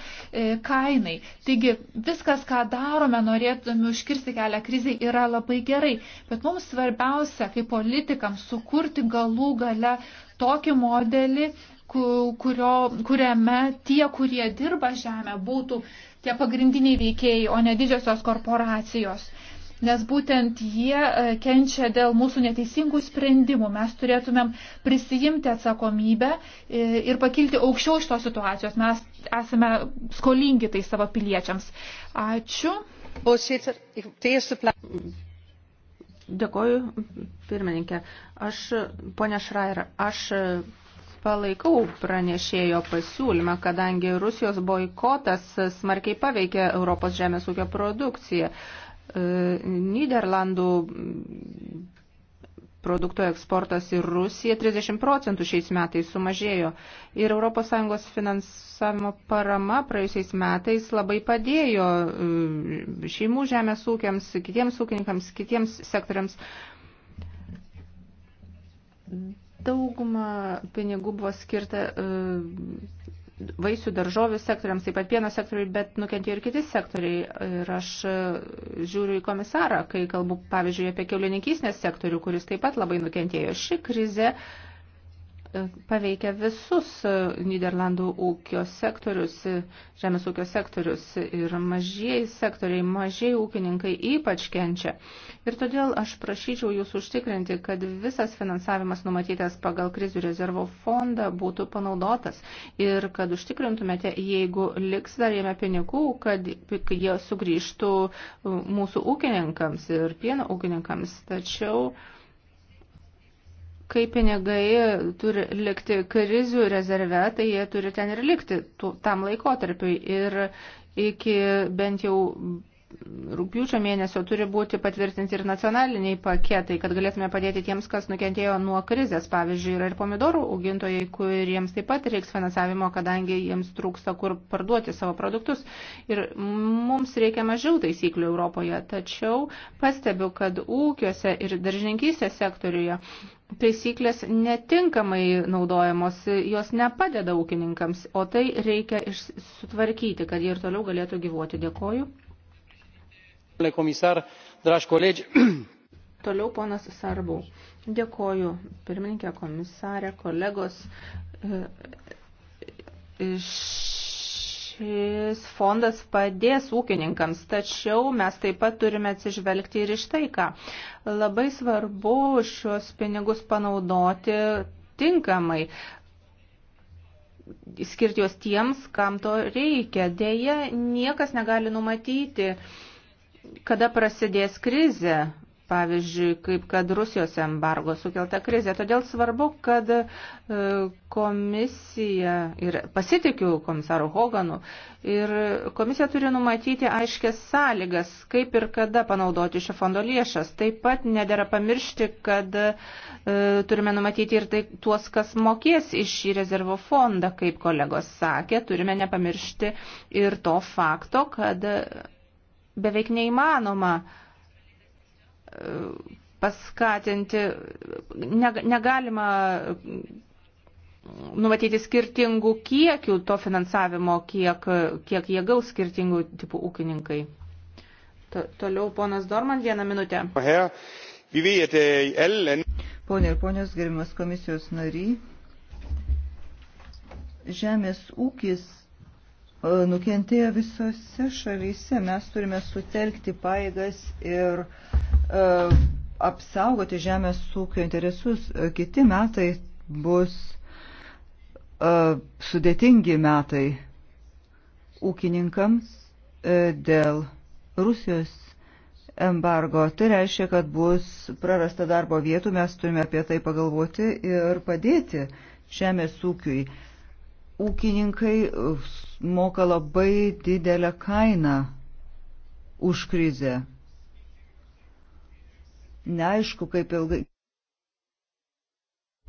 e, kainai. Taigi viskas, ką darome, norėtume užkirsti kelią krizai, yra labai gerai. Bet mums svarbiausia, kaip politikams, sukurti galų gale tokį modelį, kurio, kuriame tie, kurie dirba žemę, būtų tie pagrindiniai veikėjai, o ne didžiosios korporacijos. Nes būtent jie e, kenčia dėl mūsų neteisingų sprendimų. Mes turėtumėm prisijimti atsakomybę e, ir pakilti aukščiau iš tos situacijos. Mes esame skolingi tai savo piliečiams. Ačiū. Dėkoju, pirmininkė. Aš, ponia Šrair, aš palaikau pranešėjo pasiūlymą, kadangi Rusijos boikotas smarkiai paveikė Europos žemės ūkio produkciją. E, Niderlandų produkto eksportas į Rusiją 30 procentų šiais metais sumažėjo ir ES finansavimo parama praėjusiais metais labai padėjo e, šeimų žemės ūkiams, kitiems ūkininkams, kitiems sektoriams Dauguma pinigų buvo skirta e, vaisių daržovių sektoriams, taip pat pieno sektoriui, bet nukentėjo ir kiti sektoriai. Ir aš e, žiūriu į komisarą, kai kalbu, pavyzdžiui, apie keulininkysnės sektorių, kuris taip pat labai nukentėjo. Ši krize uh, paveikia visus e, Niderlandų ūkio sektorius, e, žemės ūkio sektorius ir mažieji sektoriai, mažieji ūkininkai ypač kenčia. Ir todėl aš prašyčiau jūs užtikrinti, kad visas finansavimas numatytas pagal krizių rezervo fondą būtų panaudotas ir kad užtikrintumėte, jeigu liks dar jame pinigų, kad jie sugrįžtų e, mūsų ūkininkams ir pieno ūkininkams. Tačiau kai pinigai turi likti krizių rezerve, tai jie turi ten ir likti tam laikotarpiui. Ir iki bent jau rūpiučio mėnesio turi būti patvirtinti ir nacionaliniai paketai, kad galėtume padėti tiems, kas nukentėjo nuo krizės. Pavyzdžiui, yra ir pomidorų augintojai, kuriems taip pat reiks finansavimo, kadangi jiems trūksta kur parduoti savo produktus. Ir mums reikia mažiau taisyklių Europoje, tačiau pastebiu, kad ūkiuose ir daržininkysės sektoriuje taisyklės netinkamai naudojamos, jos nepadeda ūkininkams, o tai reikia sutvarkyti, kad jie ir toliau galėtų gyvuoti. Dėkoju domnule comisar, dragi colegi. Toliau ponas Sarbau. Dėkoju, pirmininkė komisarė, kolegos. E, e, šis fondas padės ūkininkams, tačiau mes taip pat turime atsižvelgti ir iš tai, ką labai svarbu šios pinigus panaudoti tinkamai skirti juos tiems, kam to reikia. Deja, niekas negali numatyti uh, kada prasidės krizė, pavyzdžiui, kaip kad Rusijos embargo sukelta krizė. Todėl svarbu, kad e, komisija, ir pasitikiu komisaru Hoganu, ir komisija turi numatyti aiškės sąlygas, kaip ir kada panaudoti šio fondo lėšas. Taip pat nedėra pamiršti, kad e, turime numatyti ir tai, tuos, kas mokės iš šį rezervo fondą, kaip kolegos sakė, turime nepamiršti ir to fakto, kad beveik neįmanoma e, paskatinti, negalima numatyti skirtingų kiekių to finansavimo, kiek, kiek jie gaus skirtingų tipų ūkininkai. To, toliau ponas Dorman, vieną minutę. Pone ir ponios, gerimas komisijos nary, žemės ūkis E, nukentėjo visose šalyse. Mes turime sutelkti paėgas ir uh, apsaugoti žemės ūkio interesus. E, kiti metai bus uh, sudėtingi metai ūkininkams uh, dėl Rusijos embargo. Tai reiškia, kad bus prarasta darbo vietų, mes turime apie tai pagalvoti ir padėti žemės ūkiui. Uh, ūkininkai e, moka labai didelę kainą už krizę. Neaišku, kaip ilgai,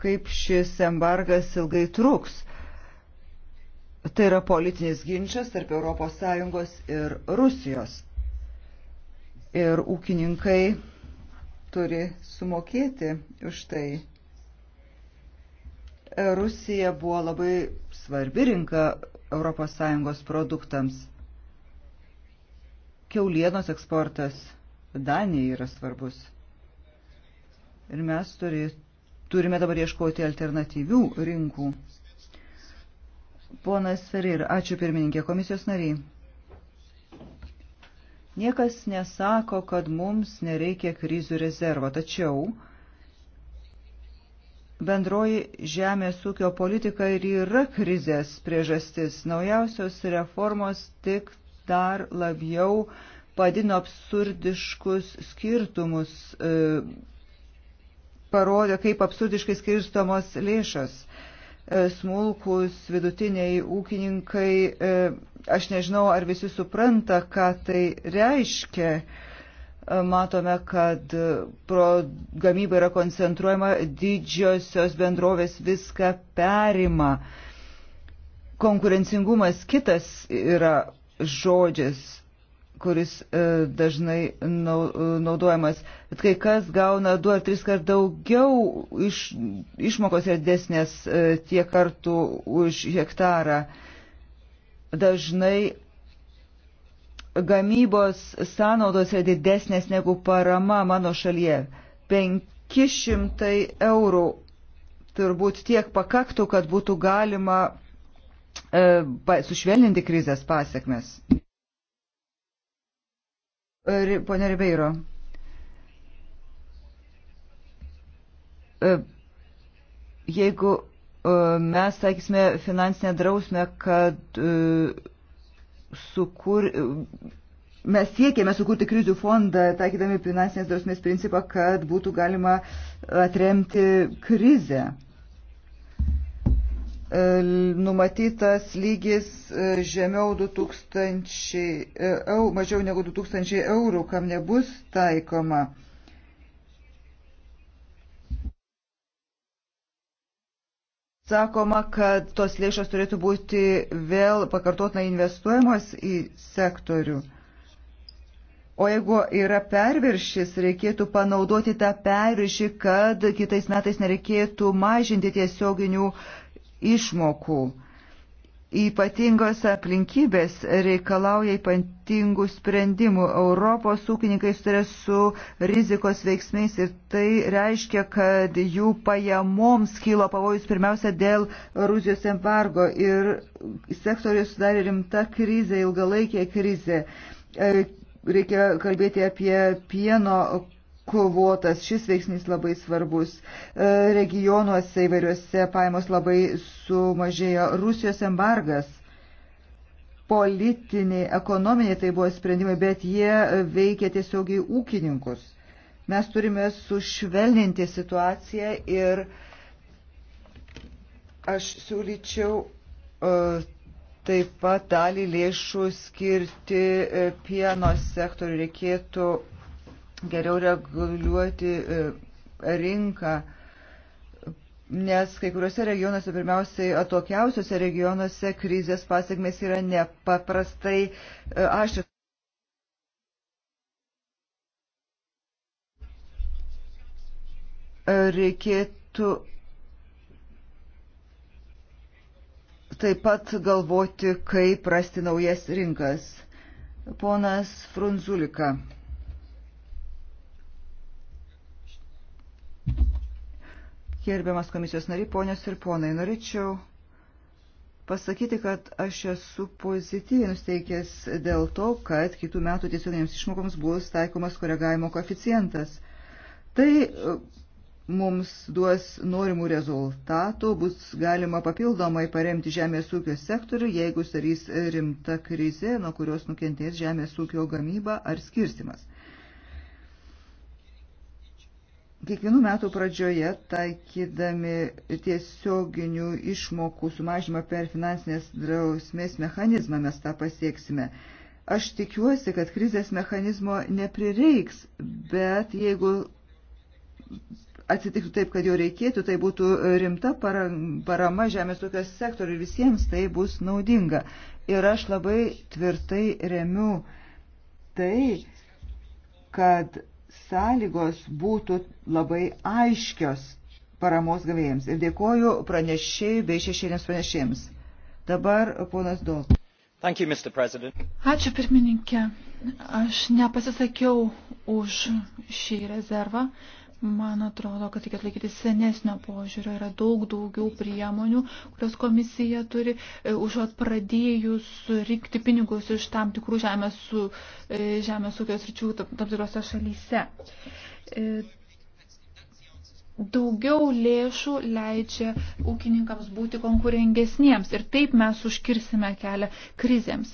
kaip šis embargas ilgai truks. Tai yra politinis ginčas tarp ES ir Rusijos. Ir ūkininkai turi sumokėti už tai. Rusija buvo labai svarbi rinka ES produktams. Keulienos eksportas Danijai yra svarbus. Ir mes turi, turime dabar ieškoti alternatyvių rinkų. Ponas Ferir, ačiū pirmininkė, komisijos nariai. Niekas nesako, kad mums nereikia krizių rezervo, tačiau Bendroji žemės ūkio politika ir yra krizės priežastis. Naujausios reformos tik dar labiau padino absurdiškus skirtumus, e, parodė, kaip absurdiškai skirstomos lėšas. E, smulkus, vidutiniai ūkininkai, e, aš nežinau, ar visi supranta, ką tai reiškia. E, matome, kad pro gamybą yra koncentruojama, didžiosios bendrovės viską perima. Konkurencingumas kitas yra žodžis, kuris e, dažnai e, naudojamas. Bet kai kas gauna du ar tris kart daugiau iš, išmokos yra desnės e, tie kartų už hektarą. Dažnai gamybos sąnaudos yra didesnės negu parama mano šalyje. 500 eurų turbūt tiek pakaktų, kad būtų galima e, sušvelninti krizės pasiekmes. Pone Ribeiro. E, jeigu e, mes sakysime finansinę drausmę, kad e, sukur, mes siekėme sukurti krizių fondą, taikydami finansinės drausmės principą, kad būtų galima atremti krizę. E, numatytas lygis e, žemiau 2000 e, eurų, mažiau negu 2000 eurų, kam nebus taikoma Sakoma, kad tos lėšos turėtų būti vėl pakartotinai investuojamos į sektorių. O jeigu yra perviršis, reikėtų panaudoti tą perviršį, kad kitais metais nereikėtų mažinti tiesioginių išmokų. Ypatingos aplinkybės reikalauja ypatingų sprendimų. Europos ūkininkai sutarė su rizikos veiksmiais ir tai reiškia, kad jų pajamoms kilo pavojus pirmiausia dėl Rusijos embargo ir sektorius sudarė rimta krizė, ilgalaikė krizė e, reikia kalbėti apie pieno kovotas. Šis veiksnys labai svarbus. E, regionuose įvairiuose paėmos labai sumažėjo Rusijos embargas. Politiniai, ekonominiai tai buvo sprendimai, bet jie veikia tiesiogiai ūkininkus. Mes turime sušvelninti situaciją ir aš siūlyčiau uh, taip pat dalį lėšų skirti e, pieno sektoriu. Reikėtų geriau reguliuoti e, rinką, nes kai kuriuose regionuose, pirmiausiai atokiausiuose regionuose, krizės pasiekmes yra nepaprastai e, aštrios. Reikėtų taip pat galvoti, kaip rasti naujas rinkas. Ponas Frunzulika. Gerbiamas komisijos nariai, ponios ir ponai, norėčiau pasakyti, kad aš esu pozityviai nusteikęs dėl to, kad kitų metų tiesioginėms išmokoms bus taikomas koregavimo koeficientas. Tai e, mums duos norimų rezultatų, bus galima papildomai paremti žemės ūkio sektorių, jeigu sarys rimta krizė, nuo kurios nukentės žemės ūkio gamyba ar skirstimas. Kiekvienų metų pradžioje, taikydami tiesioginių išmokų sumažymą per finansinės drausmės mechanizmą, mes tą pasieksime. Aš tikiuosi, kad krizės mechanizmo neprireiks, bet jeigu atsitiktų taip, kad jo reikėtų, tai būtų rimta parama žemės ūkio sektoriui ir visiems tai bus naudinga. Ir aš labai tvirtai remiu tai, kad sąlygos būtų labai aiškios paramos gavėjams. Ir dėkoju pranešėjų bei šešėlėms pranešėjams. Dabar ponas Dol. You, Ačiū pirmininkė. Aš nepasisakiau už šį rezervą, Man atrodo, kad reikia atlaikyti senesnio požiūrio. Yra daug daugiau priemonių, kurios komisija turi e, užuot pradėjus rinkti pinigus iš tam tikrų žemės, su, e, žemės ūkio sričių tam tikrose šalyse. E, daugiau lėšų leidžia ūkininkams būti konkurengesniems ir taip mes užkirsime kelią krizėms.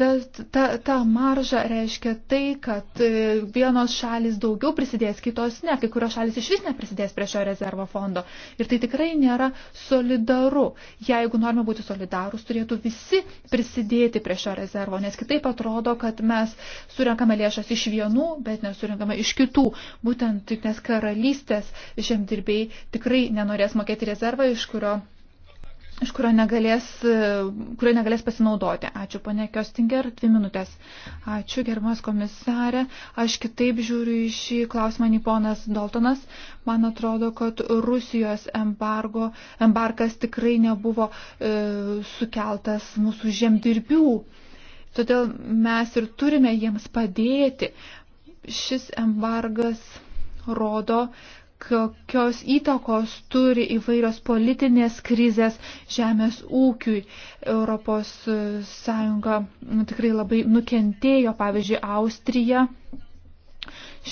ta, ta, ta marža reiškia tai, kad e, vienos šalis daugiau prisidės, kitos ne, kai kurios šalis iš vis neprisidės prie šio rezervo fondo. Ir tai tikrai nėra solidaru. Jeigu norime būti solidarūs, turėtų visi prisidėti prie šio rezervo, nes kitaip atrodo, kad mes surinkame lėšas iš vienų, bet nesurinkame iš kitų. Būtent tik nes karalystės žemdirbiai tikrai nenorės mokėti rezervą, iš kurio iš kurio negalės, e, kurio negalės pasinaudoti. Ačiū, ponė Kjostinger, dvi minutės. Ačiū, gerbiamas komisarė. Aš kitaip žiūriu į šį klausimą, nei ponas Daltonas. Man atrodo, kad Rusijos embargo, embarkas tikrai nebuvo e, sukeltas mūsų žemdirbių. Todėl mes ir turime jiems padėti. Šis embargas rodo, kokios įtakos turi įvairios politinės krizės žemės ūkiui. Europos Sąjunga nu, tikrai labai nukentėjo, pavyzdžiui, Austrija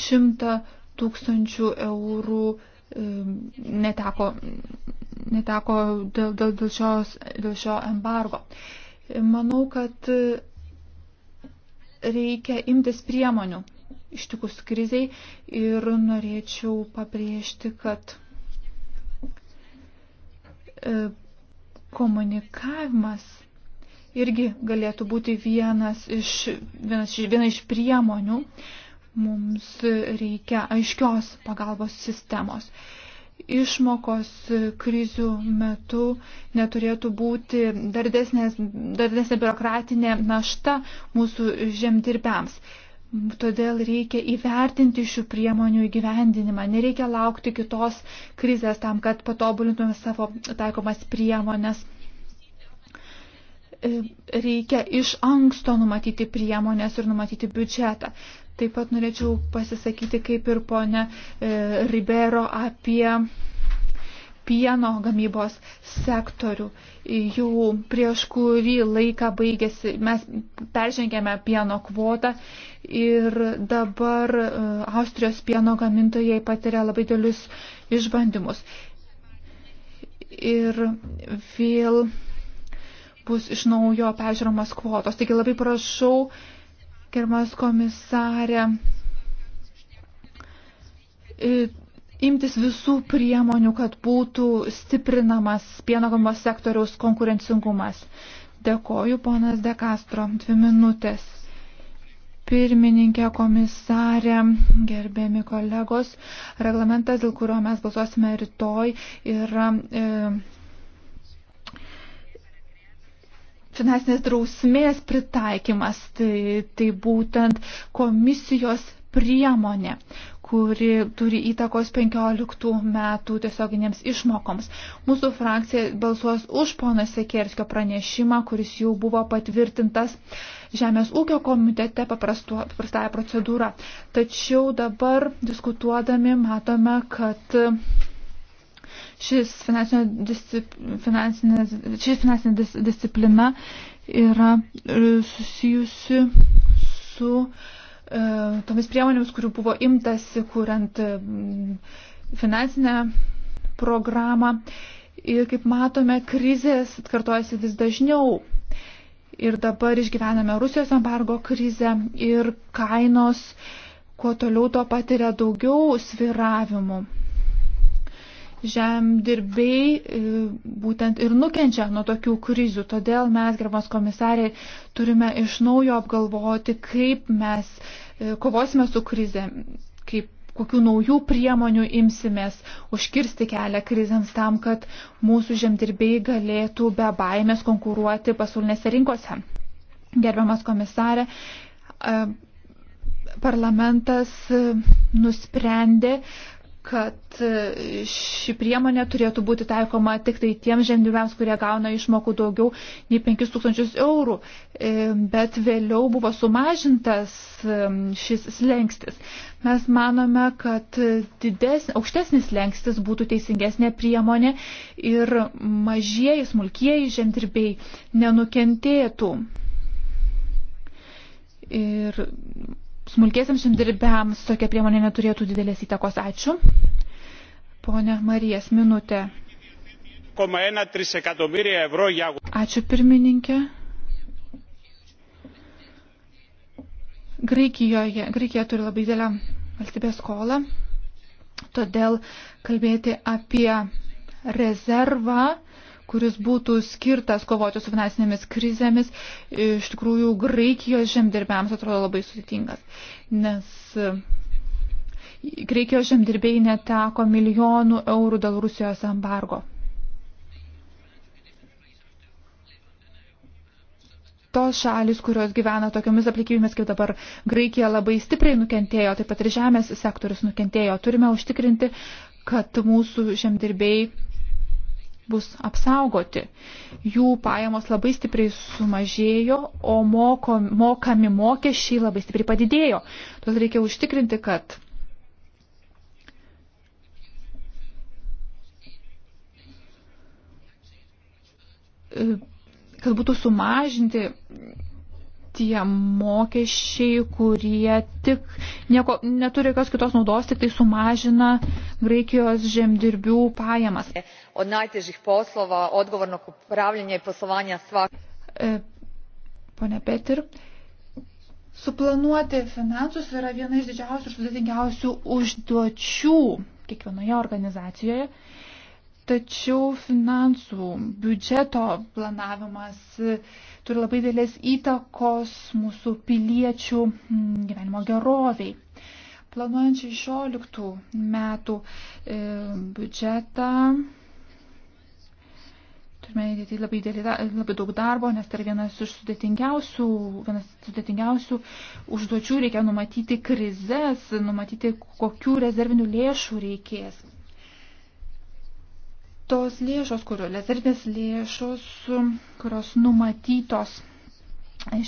šimta tūkstančių eurų neteko, neteko dėl, dėl, dėl, šios, dėl šio embargo. Manau, kad reikia imtis priemonių ištikus kriziai ir norėčiau pabrėžti, kad e, komunikavimas irgi galėtų būti vienas iš, vienas, viena iš priemonių. Mums reikia aiškios pagalbos sistemos. Išmokos krizių metu neturėtų būti dar didesnė biurokratinė našta mūsų žemdirbiams. Todėl reikia įvertinti šių priemonių įgyvendinimą. Nereikia laukti kitos krizės tam, kad patobulintume savo taikomas priemonės. E, reikia iš anksto numatyti priemonės ir numatyti biudžetą. Taip pat norėčiau pasisakyti, kaip ir ponė e, Ribero, apie pieno gamybos sektorių. Jau prieš kurį laiką baigėsi, mes peržengėme pieno kvotą ir dabar e, Austrijos pieno gamintojai patiria labai dėlius išbandymus. Ir vėl bus iš naujo pežiūromas kvotos. Taigi labai prašau, germas komisarė, e, imtis visų priemonių, kad būtų stiprinamas pieno gamybos sektoriaus konkurencingumas. Dėkoju, ponas De Castro, dvi minutės. Pirmininkė, komisarė, gerbėmi kolegos, reglamentas, dėl kurio mes balsuosime rytoj, yra. E, finansinės drausmės pritaikymas, tai, tai būtent komisijos priemonė, kuri turi įtakos 15 metų tiesioginėms išmokoms. Mūsų frakcija balsuos už pono Sekerskio pranešimą, kuris jau buvo patvirtintas Žemės ūkio komitete paprastąją procedūrą. Tačiau dabar diskutuodami matome, kad šis finansinė, discip, finansinė, šis finansinė dis, disciplina yra susijusi su E, tomis priemonėmis, kurių buvo imtasi, kuriant mm, finansinę programą. Ir kaip matome, krizės atkartojasi vis dažniau. Ir dabar išgyvename Rusijos embargo krizę ir kainos, kuo toliau to patiria daugiau sviravimų žemdirbiai e, būtent ir nukenčia nuo tokių krizių. Todėl mes, gerbos komisarė, turime iš naujo apgalvoti, kaip mes e, kovosime su krize, kaip kokių naujų priemonių imsimės užkirsti kelią krizėms tam, kad mūsų žemdirbiai galėtų be baimės konkuruoti pasaulinėse rinkose. Gerbiamas komisarė, e, parlamentas nusprendė, kad e, ši priemonė turėtų būti taikoma tik tai tiems žemdirbiams, kurie gauna išmokų daugiau nei 5000 eurų, e, bet vėliau buvo sumažintas e, šis slengstis. Mes manome, kad didesnė, aukštesnis slengstis būtų teisingesnė priemonė ir mažieji, smulkieji žemdirbiai nenukentėtų. Ir smulkėsiams žemdirbiams tokia priemonė neturėtų didelės įtakos. Ačiū. Pone Marijas, minutė. Ačiū pirmininkė. Graikijoje, Graikija turi labai didelę valstybės skolą, todėl kalbėti apie rezervą kuris būtų skirtas kovoti su finansinėmis krizėmis, iš tikrųjų Graikijos žemdirbėms atrodo labai sudėtingas, nes e, Graikijos žemdirbėjai neteko milijonų eurų dėl Rusijos embargo. tos šalis, kurios gyvena tokiomis aplinkybėmis kaip dabar Graikija, labai stipriai nukentėjo, taip pat ir žemės sektorius nukentėjo. Turime užtikrinti, kad mūsų žemdirbėjai bus apsaugoti. Jų pajamos labai stipriai sumažėjo, o moko, mokami mokesčiai labai stipriai padidėjo. Todėl reikia užtikrinti, kad kad būtų sumažinti tie mokesčiai, kurie tik nieko neturi jokios kitos naudos, tik tai sumažina Graikijos žemdirbių pajamas od najtežih poslova odgovornog upravljanja i poslovanja svake. Pone Petir, suplanuoti finansus yra viena iš didžiausių ir sudėtingiausių užduočių kiekvienoje organizacijoje. Tačiau finansų biudžeto planavimas e, turi labai dėlės įtakos mūsų piliečių mm, gyvenimo geroviai. Planuojant 16 metų e, biudžetą Turime įdėti labai, dėlį, labai daug darbo, nes tai yra vienas iš sudėtingiausių, vienas sudėtingiausių užduočių. Reikia numatyti krizės, numatyti, kokių rezervinių lėšų reikės. Tos lėšos, kurio, rezervinės lėšos, kurios numatytos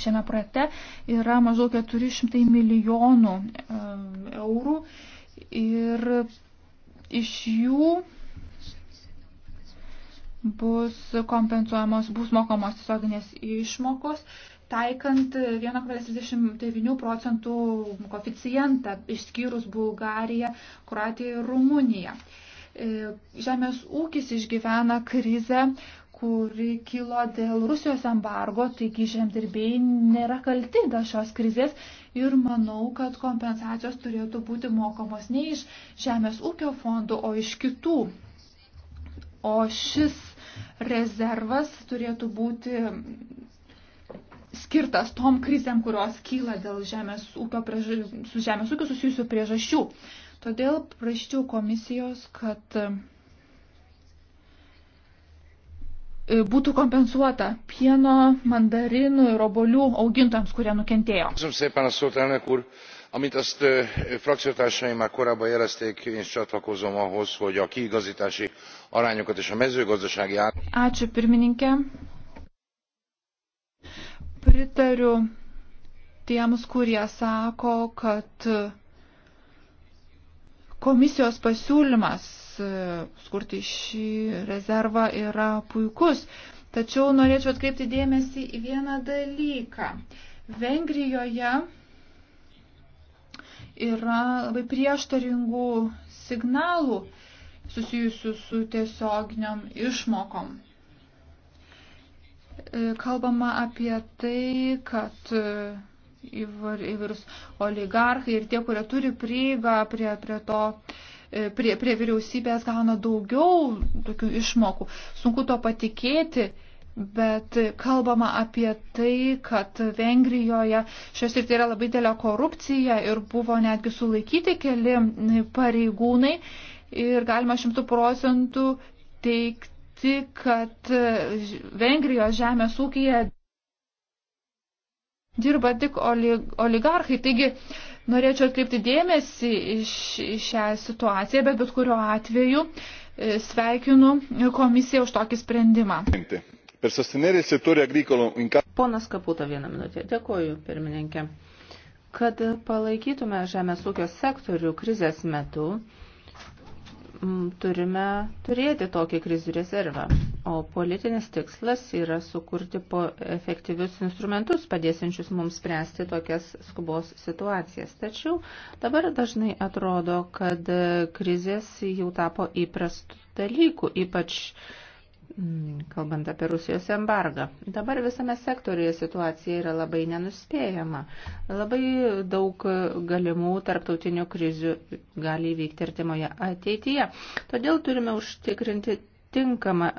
šiame projekte, yra maždaug 400 milijonų e, eurų ir iš jų bus kompensuojamos, bus mokamos tiesioginės išmokos, taikant 1,39 procentų koficijantą, išskyrus Bulgariją, Kroatiją ir Rumuniją. E, žemės ūkis išgyvena krizę, kuri kilo dėl Rusijos embargo, taigi žemdirbėjai nėra kalti dėl šios krizės ir manau, kad kompensacijos turėtų būti mokamos ne iš Žemės ūkio fondų, o iš kitų. O šis rezervas turėtų būti skirtas tom krizėm, kurios kyla dėl žemės ūkio prieža, su žemės ūkio susijusių priežasčių. Todėl prašyčiau komisijos, kad e, būtų kompensuota pieno, mandarinų ir obolių augintojams, kurie nukentėjo. amit azt e, frakciótársaim már korábban jelezték én is csatlakozom ahhoz hogy a kiigaztási arányokat és a mezőgazdasági ár... Ačiū pirmininkė. Pritariu tiems, kurie sako, kad komisijos pasiūlymas e, skurti šį rezervą yra puikus. Tačiau norėčiau atkreipti dėmesį į vieną dalyką. Vengrijoje yra labai prieštaringų signalų susijusių su tiesioginiam išmokom. E, kalbama apie tai, kad e, įvairūs oligarchai ir tie, kurie turi prieigą prie, prie to, e, prie, prie vyriausybės gauna daugiau tokių išmokų. Sunku to patikėti, bet kalbama apie tai, kad Vengrijoje šios ir tai yra labai didelė korupcija ir buvo netgi sulaikyti keli pareigūnai ir galima šimtų procentų teikti, kad Vengrijos žemės ūkija dirba tik oligarchai. Taigi norėčiau atkreipti dėmesį iš, iš šią situaciją, bet bet kuriuo atveju e, sveikinu komisiją už tokį sprendimą. Ponas Kaputa, vieną minutę. Dėkoju, pirmininkė. Kad palaikytume žemės ūkio sektorių krizės metu, turime turėti tokį krizių rezervą. O politinis tikslas yra sukurti po efektyvius instrumentus, padėsinčius mums spręsti tokias skubos situacijas. Tačiau dabar dažnai atrodo, kad krizės jau tapo įprastų dalykų, ypač uh, Mm, kalbant apie Rusijos embargą. Dabar visame sektoriuje situacija yra labai nenuspėjama. Labai daug galimų tarptautinių krizių gali įvykti artimoje ateityje. Todėl turime užtikrinti tinkamą e,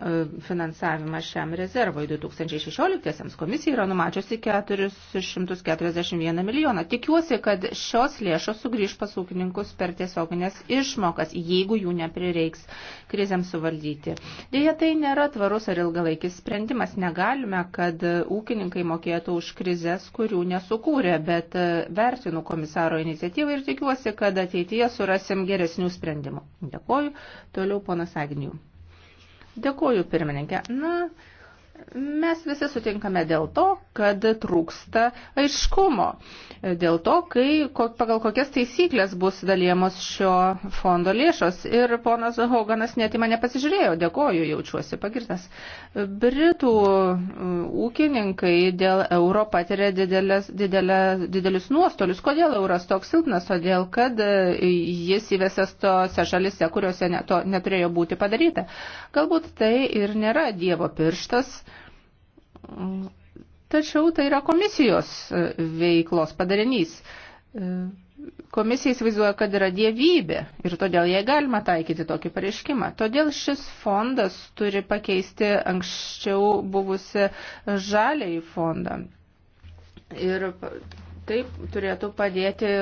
finansavimą šiam rezervui. 2016 komisija yra numačiusi 441 milijoną. Tikiuosi, kad šios lėšos sugrįž pas ūkininkus per tiesioginės išmokas, jeigu jų neprireiks krizėms suvaldyti. Dėja, tai nėra tvarus ar ilgalaikis sprendimas. Negalime, kad ūkininkai mokėtų už krizės, kurių nesukūrė, bet e, vertinu komisaro iniciatyvą ir tikiuosi, kad ateityje surasim geresnių sprendimų. Dėkoju. Toliau ponas Agnių. Dėkoju, pirmininkė. Na, Mes visi sutinkame dėl to, kad trūksta aiškumo, dėl to, kai, pagal kokias taisyklės bus dalyjamos šio fondo lėšos. Ir ponas Hoganas net į mane pasižiūrėjo, dėkoju, jaučiuosi pagirtas. Britų mm, ūkininkai dėl euro patiria didelės, didelė, didelius nuostolius. Kodėl euras toks silpnas? Todėl, kad e, jis įvesęs tose šalise, kuriuose ne, to neturėjo būti padaryta. Galbūt tai ir nėra Dievo pirštas Tačiau tai yra komisijos e, veiklos padarinys. E, komisija įsivaizduoja, kad yra dievybė ir todėl jai galima taikyti tokį pareiškimą. Todėl šis fondas turi pakeisti anksčiau buvusi žaliai fondą. Ir taip turėtų padėti,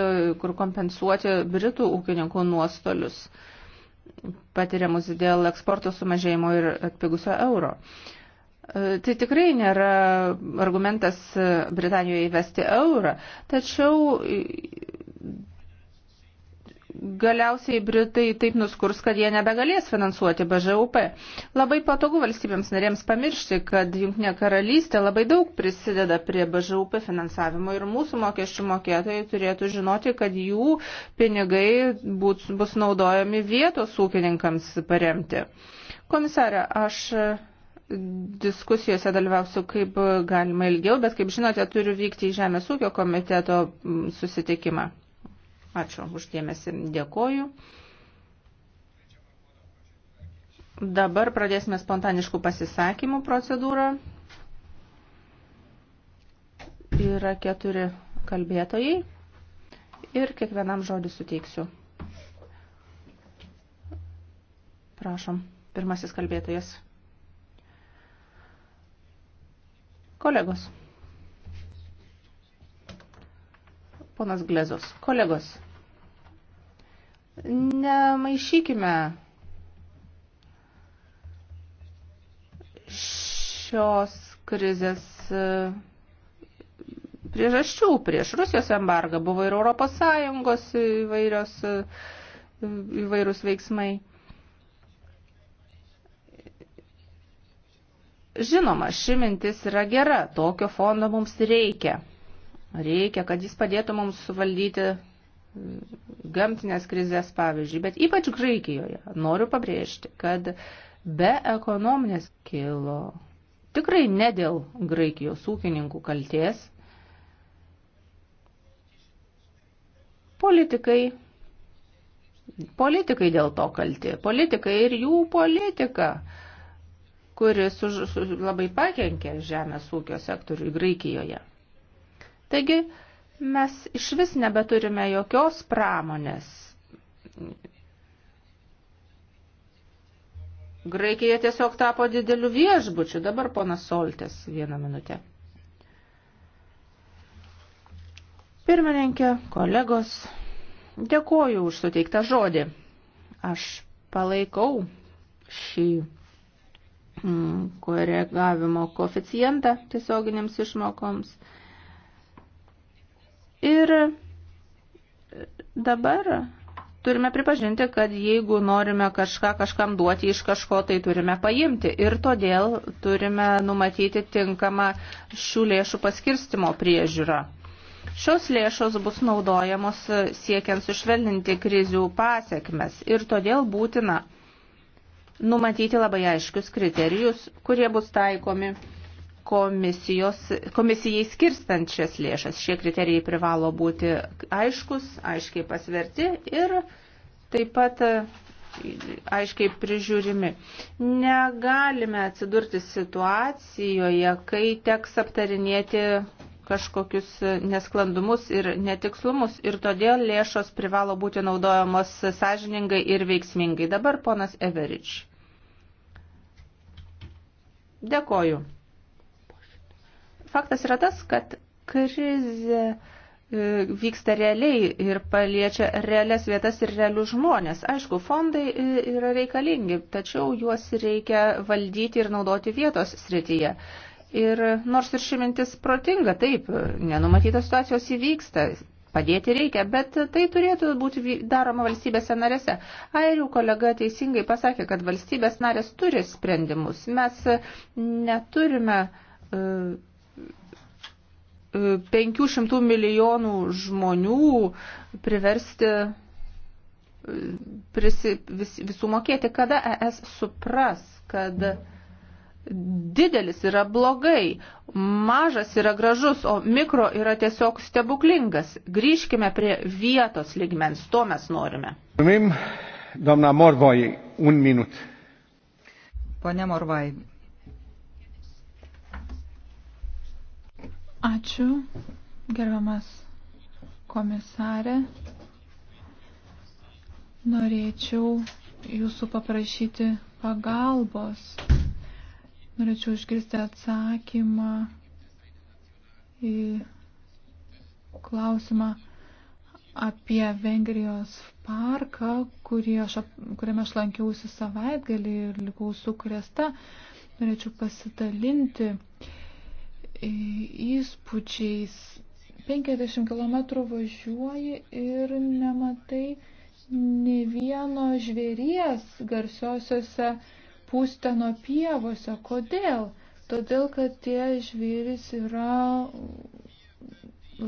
kur kompensuoti Britų ūkininkų nuostolius patiriamus dėl eksporto sumažėjimo ir atpigusio euro. Uh, E, tai tikrai nėra argumentas e, Britanijoje įvesti eurą, tačiau e, galiausiai Britai taip nuskurs, kad jie nebegalės finansuoti BŽUP. Labai patogu valstybėms narėms pamiršti, kad Junktinė karalystė labai daug prisideda prie BŽUP finansavimo ir mūsų mokesčių mokėtojai turėtų žinoti, kad jų pinigai bus naudojami vietos ūkininkams paremti. Komisarė, aš diskusijose dalyvausiu kaip galima ilgiau, bet kaip žinote, turiu vykti į Žemės ūkio komiteto susitikimą. Ačiū uždėmesi, dėkoju. Dabar pradėsime spontaniškų pasisakymų procedūrą. Yra keturi kalbėtojai ir kiekvienam žodį suteiksiu. Prašom, pirmasis kalbėtojas. Kolegos. Ponas Glezos. Kolegos. Nemaišykime šios krizės e, priežasčių. Prieš Rusijos embargą buvo ir Europos Sąjungos įvairios, e, įvairūs veiksmai. Žinoma, ši mintis yra gera, tokio fondo mums reikia. Reikia, kad jis padėtų mums suvaldyti mm, gamtinės krizės, pavyzdžiui, bet ypač Graikijoje. Noriu pabrėžti, kad be ekonominės kilo tikrai ne dėl Graikijos ūkininkų kalties. Politikai Politikai dėl to kalti. Politikai ir jų politika kuris už, su, labai pakenkė žemės ūkio sektoriui Graikijoje. Taigi mes iš vis nebeturime jokios pramonės. Graikija tiesiog tapo dideliu viešbučiu. Dabar ponas Soltės vieną minutę. Pirmininkė, kolegos, dėkoju už suteiktą žodį. Aš palaikau šį Mm, koregavimo koeficientą tiesioginėms išmokoms. Ir dabar turime pripažinti, kad jeigu norime kažką kažkam duoti iš kažko, tai turime paimti. Ir todėl turime numatyti tinkamą šių lėšų paskirstimo priežiūrą. Šios lėšos bus naudojamos siekiant sušvelninti krizių pasiekmes ir todėl būtina numatyti labai aiškius kriterijus, kurie bus taikomi komisijai skirstant šias lėšas. Šie kriterijai privalo būti aiškus, aiškiai pasverti ir taip pat e, aiškiai prižiūrimi. Negalime atsidurti situacijoje, kai teks aptarinėti kažkokius nesklandumus ir netikslumus ir todėl lėšos privalo būti naudojamos sąžiningai ir veiksmingai. Dabar ponas Everič. Dėkoju. Faktas yra tas, kad krizė e, vyksta realiai ir paliečia realias vietas ir realius žmonės. Aišku, fondai e, yra reikalingi, tačiau juos reikia valdyti ir naudoti vietos srityje. Ir nors ir ši mintis protinga, taip, nenumatytos situacijos įvyksta, Padėti reikia, bet tai turėtų būti daroma valstybėse narėse. Airių kolega teisingai pasakė, kad valstybės narės turi sprendimus. Mes e, neturime 500 e, e, milijonų žmonių priversti prisi, vis, visų mokėti, kada ES supras, kad. Mm didelis yra blogai, mažas yra gražus, o mikro yra tiesiog stebuklingas. Grįžkime prie vietos ligmens, to mes norime. Mim, domna Morvoj, un minut. Pone Morvai. Ačiū, gerbiamas komisarė. Norėčiau jūsų paprašyti pagalbos Norėčiau išgirsti atsakymą į klausimą apie Vengrijos parką, aš, kuriame aš lankiausi savaitgalį ir likau sukrėsta. Norėčiau pasidalinti e, įspūdžiais. 50 km važiuoji ir nematai ne vieno žvėries garsiosiose pūsteno pievose. Kodėl? Todėl, kad tie žvėris yra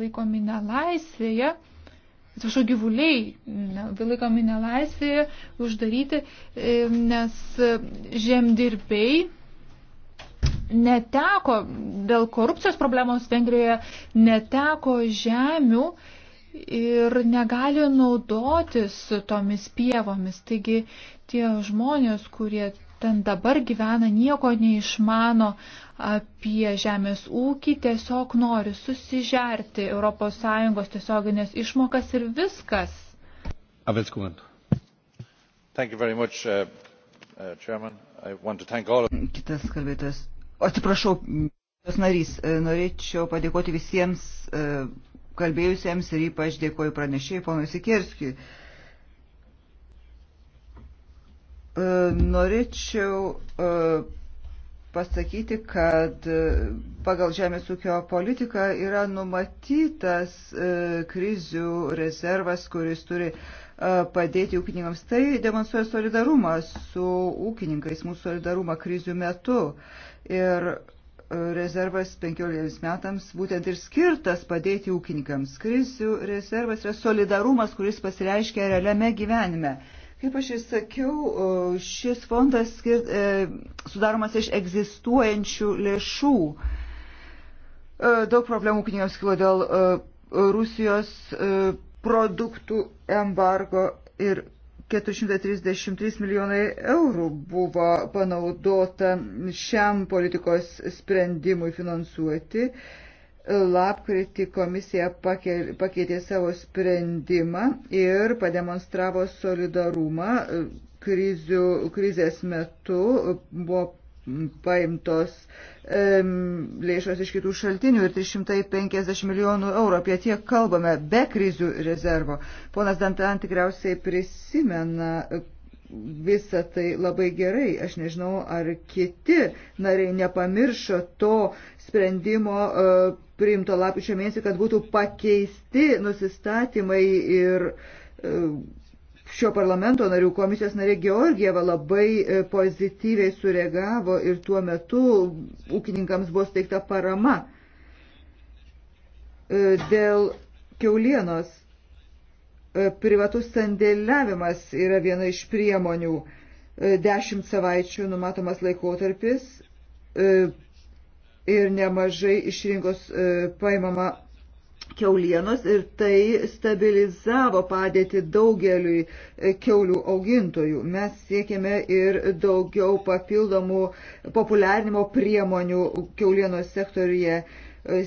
laikomi nelaisvėje, atsiprašau, gyvuliai ne, tai laikomi nelaisvėje, uždaryti, e, nes žemdirbiai neteko, dėl korupcijos problemos Vengrijoje neteko žemių ir negali naudotis tomis pievomis. Taigi tie žmonės, kurie ten dabar gyvena, nieko neišmano apie žemės ūkį, tiesiog nori susižerti ES tiesioginės išmokas ir viskas. Much, uh, uh, Kitas kalbėtas. Atsiprašau, narys, e, norėčiau padėkoti visiems uh, kalbėjusiems ir ypač dėkoju pranešėjai ponui Sikerskijui. E, norėčiau e, pasakyti, kad e, pagal žemės ūkio politiką yra numatytas krizių rezervas, kuris turi padėti ūkininkams. Tai demonstruoja solidarumą su ūkininkais, mūsų solidarumą krizių metu. Ir rezervas 15 metams būtent ir skirtas padėti ūkininkams. Krizių rezervas yra solidarumas, kuris pasireiškia realiame gyvenime. Kaip aš ir sakiau, šis fondas skir, e, sudaromas iš egzistuojančių lėšų. E, daug problemų knygams kilo dėl e, Rusijos e, produktų embargo ir 433 milijonai eurų buvo panaudota šiam politikos sprendimui finansuoti. E, Lapkritį komisija pakeitė savo sprendimą ir pademonstravo solidarumą. Krizių, krizės metu buvo paimtos e, lėšos iš kitų šaltinių ir 350 milijonų eurų. Apie tiek kalbame be krizių rezervo. Ponas Dantan tikriausiai prisimena e, visą tai labai gerai. Aš nežinau, ar kiti nariai nepamiršo to sprendimo. E, priimto lapkričio mėnesį, kad būtų pakeisti nusistatymai ir e, šio parlamento narių komisijos narė Georgieva labai e, pozityviai sureagavo ir tuo metu ūkininkams buvo steigta parama e, dėl keulienos. Privatus sandėliavimas yra viena iš priemonių. Dešimt savaičių numatomas laikotarpis ir nemažai iš rinkos e, paimama keulienos ir tai stabilizavo padėti daugeliui e, keulių augintojų. Mes siekėme ir daugiau papildomų populiarinimo priemonių keulienos sektoriuje. E,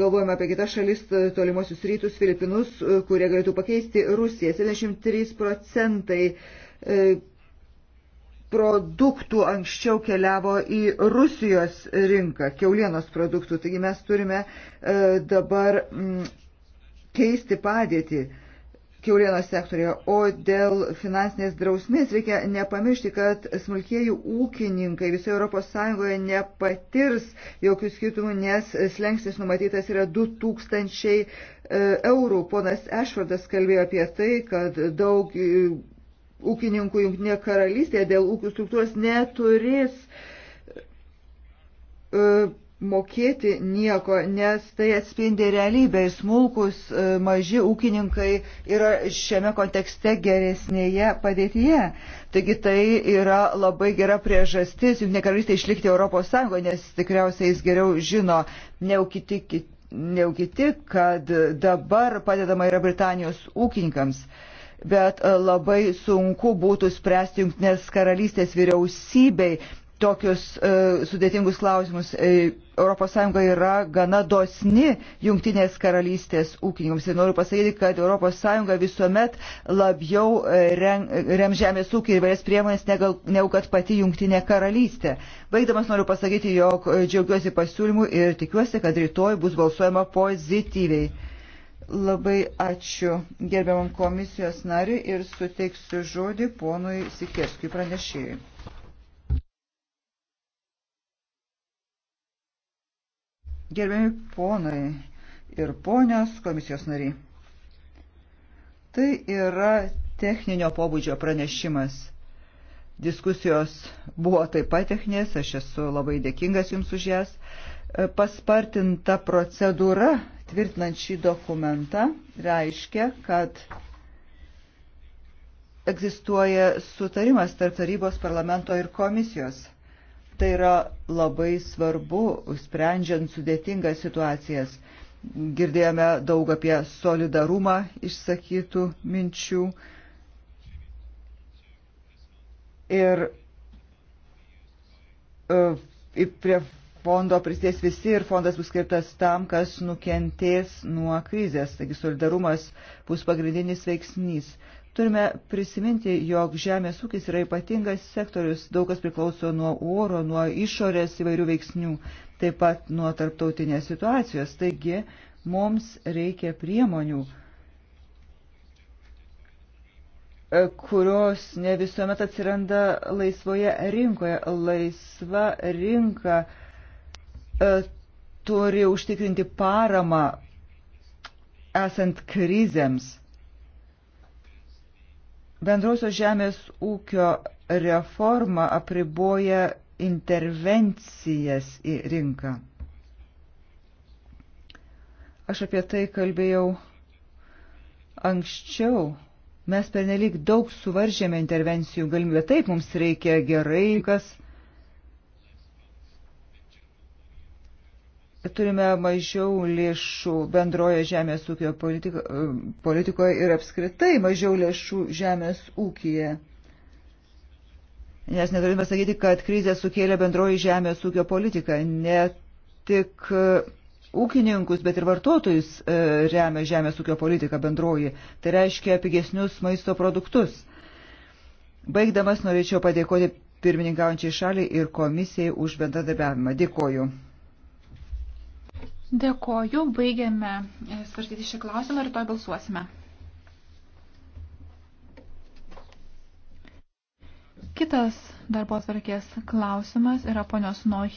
galvojame apie kitas šalis, tolimuosius rytus, Filipinus, kurie galėtų pakeisti Rusiją. 73 procentai produktų anksčiau keliavo į Rusijos rinką, keulienos produktų. Taigi mes turime e, dabar mm, keisti padėtį keulienos sektorėje. O dėl finansinės drausmės reikia nepamiršti, kad smulkėjų ūkininkai visoje ES nepatirs jokių skirtumų, nes slengstis numatytas yra 2000 e, eurų. Ponas Ešvardas kalbėjo apie tai, kad daug ūkininkų jungtinė karalystė dėl ūkių struktūros neturės e, mokėti nieko, nes tai atspindi realybę ir smulkus e, maži ūkininkai yra šiame kontekste geresnėje padėtyje. Taigi tai yra labai gera priežastis, jungtinė karalystė išlikti Europos Sąjungoje, nes tikriausiai jis geriau žino, ne kiti, ne kiti, kad dabar padedama yra Britanijos ūkininkams. Uh, bet e, labai sunku būtų spręsti Junktinės karalystės vyriausybei tokius e, sudėtingus klausimus. E, ES yra gana dosni Junktinės karalystės ūkininkams. Ir noriu pasakyti, kad ES visuomet labiau e, rem, rem žemės ūkį ir vairias priemonės negu kad pati Junktinė karalystė. Baigdamas noriu pasakyti, jog e, džiaugiuosi pasiūlymu ir tikiuosi, kad rytoj bus balsuojama pozityviai. Labai ačiū gerbiamam komisijos nariui ir suteiksiu žodį ponui Sikėskui pranešėjui. Gerbiami ponai ir ponios komisijos nariai. Tai yra techninio pobūdžio pranešimas. Diskusijos buvo taip pat techninės, aš esu labai dėkingas Jums už jas. Paspartinta procedūra tvirtinant šį dokumentą, reiškia, kad egzistuoja sutarimas tarp tarybos parlamento ir komisijos. Tai yra labai svarbu, sprendžiant sudėtingas situacijas. Girdėjome daug apie solidarumą išsakytų minčių. Ir e, prie fondo prisidės visi ir fondas bus skirtas tam, kas nukentės nuo krizės. Taigi solidarumas bus pagrindinis veiksnys. Turime prisiminti, jog žemės ūkis yra ypatingas sektorius, daug kas priklauso nuo oro, nuo išorės įvairių veiksnių, taip pat nuo tarptautinės situacijos. Taigi mums reikia priemonių, kurios ne visuomet atsiranda laisvoje rinkoje. Laisva rinka E, turi užtikrinti paramą esant krizėms. Bendrausios žemės ūkio reforma apriboja intervencijas į rinką. Aš apie tai kalbėjau anksčiau. Mes pernelyg daug suvaržėme intervencijų galimybę. Taip, mums reikia gerai, kas turime mažiau lėšų bendroje žemės ūkio politiko, politikoje ir apskritai mažiau lėšų žemės ūkija. Nes neturime sakyti, kad krizė sukėlė bendroji žemės ūkio politika. Ne tik e, ūkininkus, bet ir vartotojus e, remia žemės ūkio politika bendroji. Tai reiškia pigesnius maisto produktus. Baigdamas norėčiau padėkoti pirmininkaujančiai šaliai ir komisijai už bendradarbiavimą. Dėkoju. Dėkoju, baigiame e, svarstyti šį klausimą, rytoj balsuosime. Kitas darbo atvarkės klausimas yra ponios Nohi.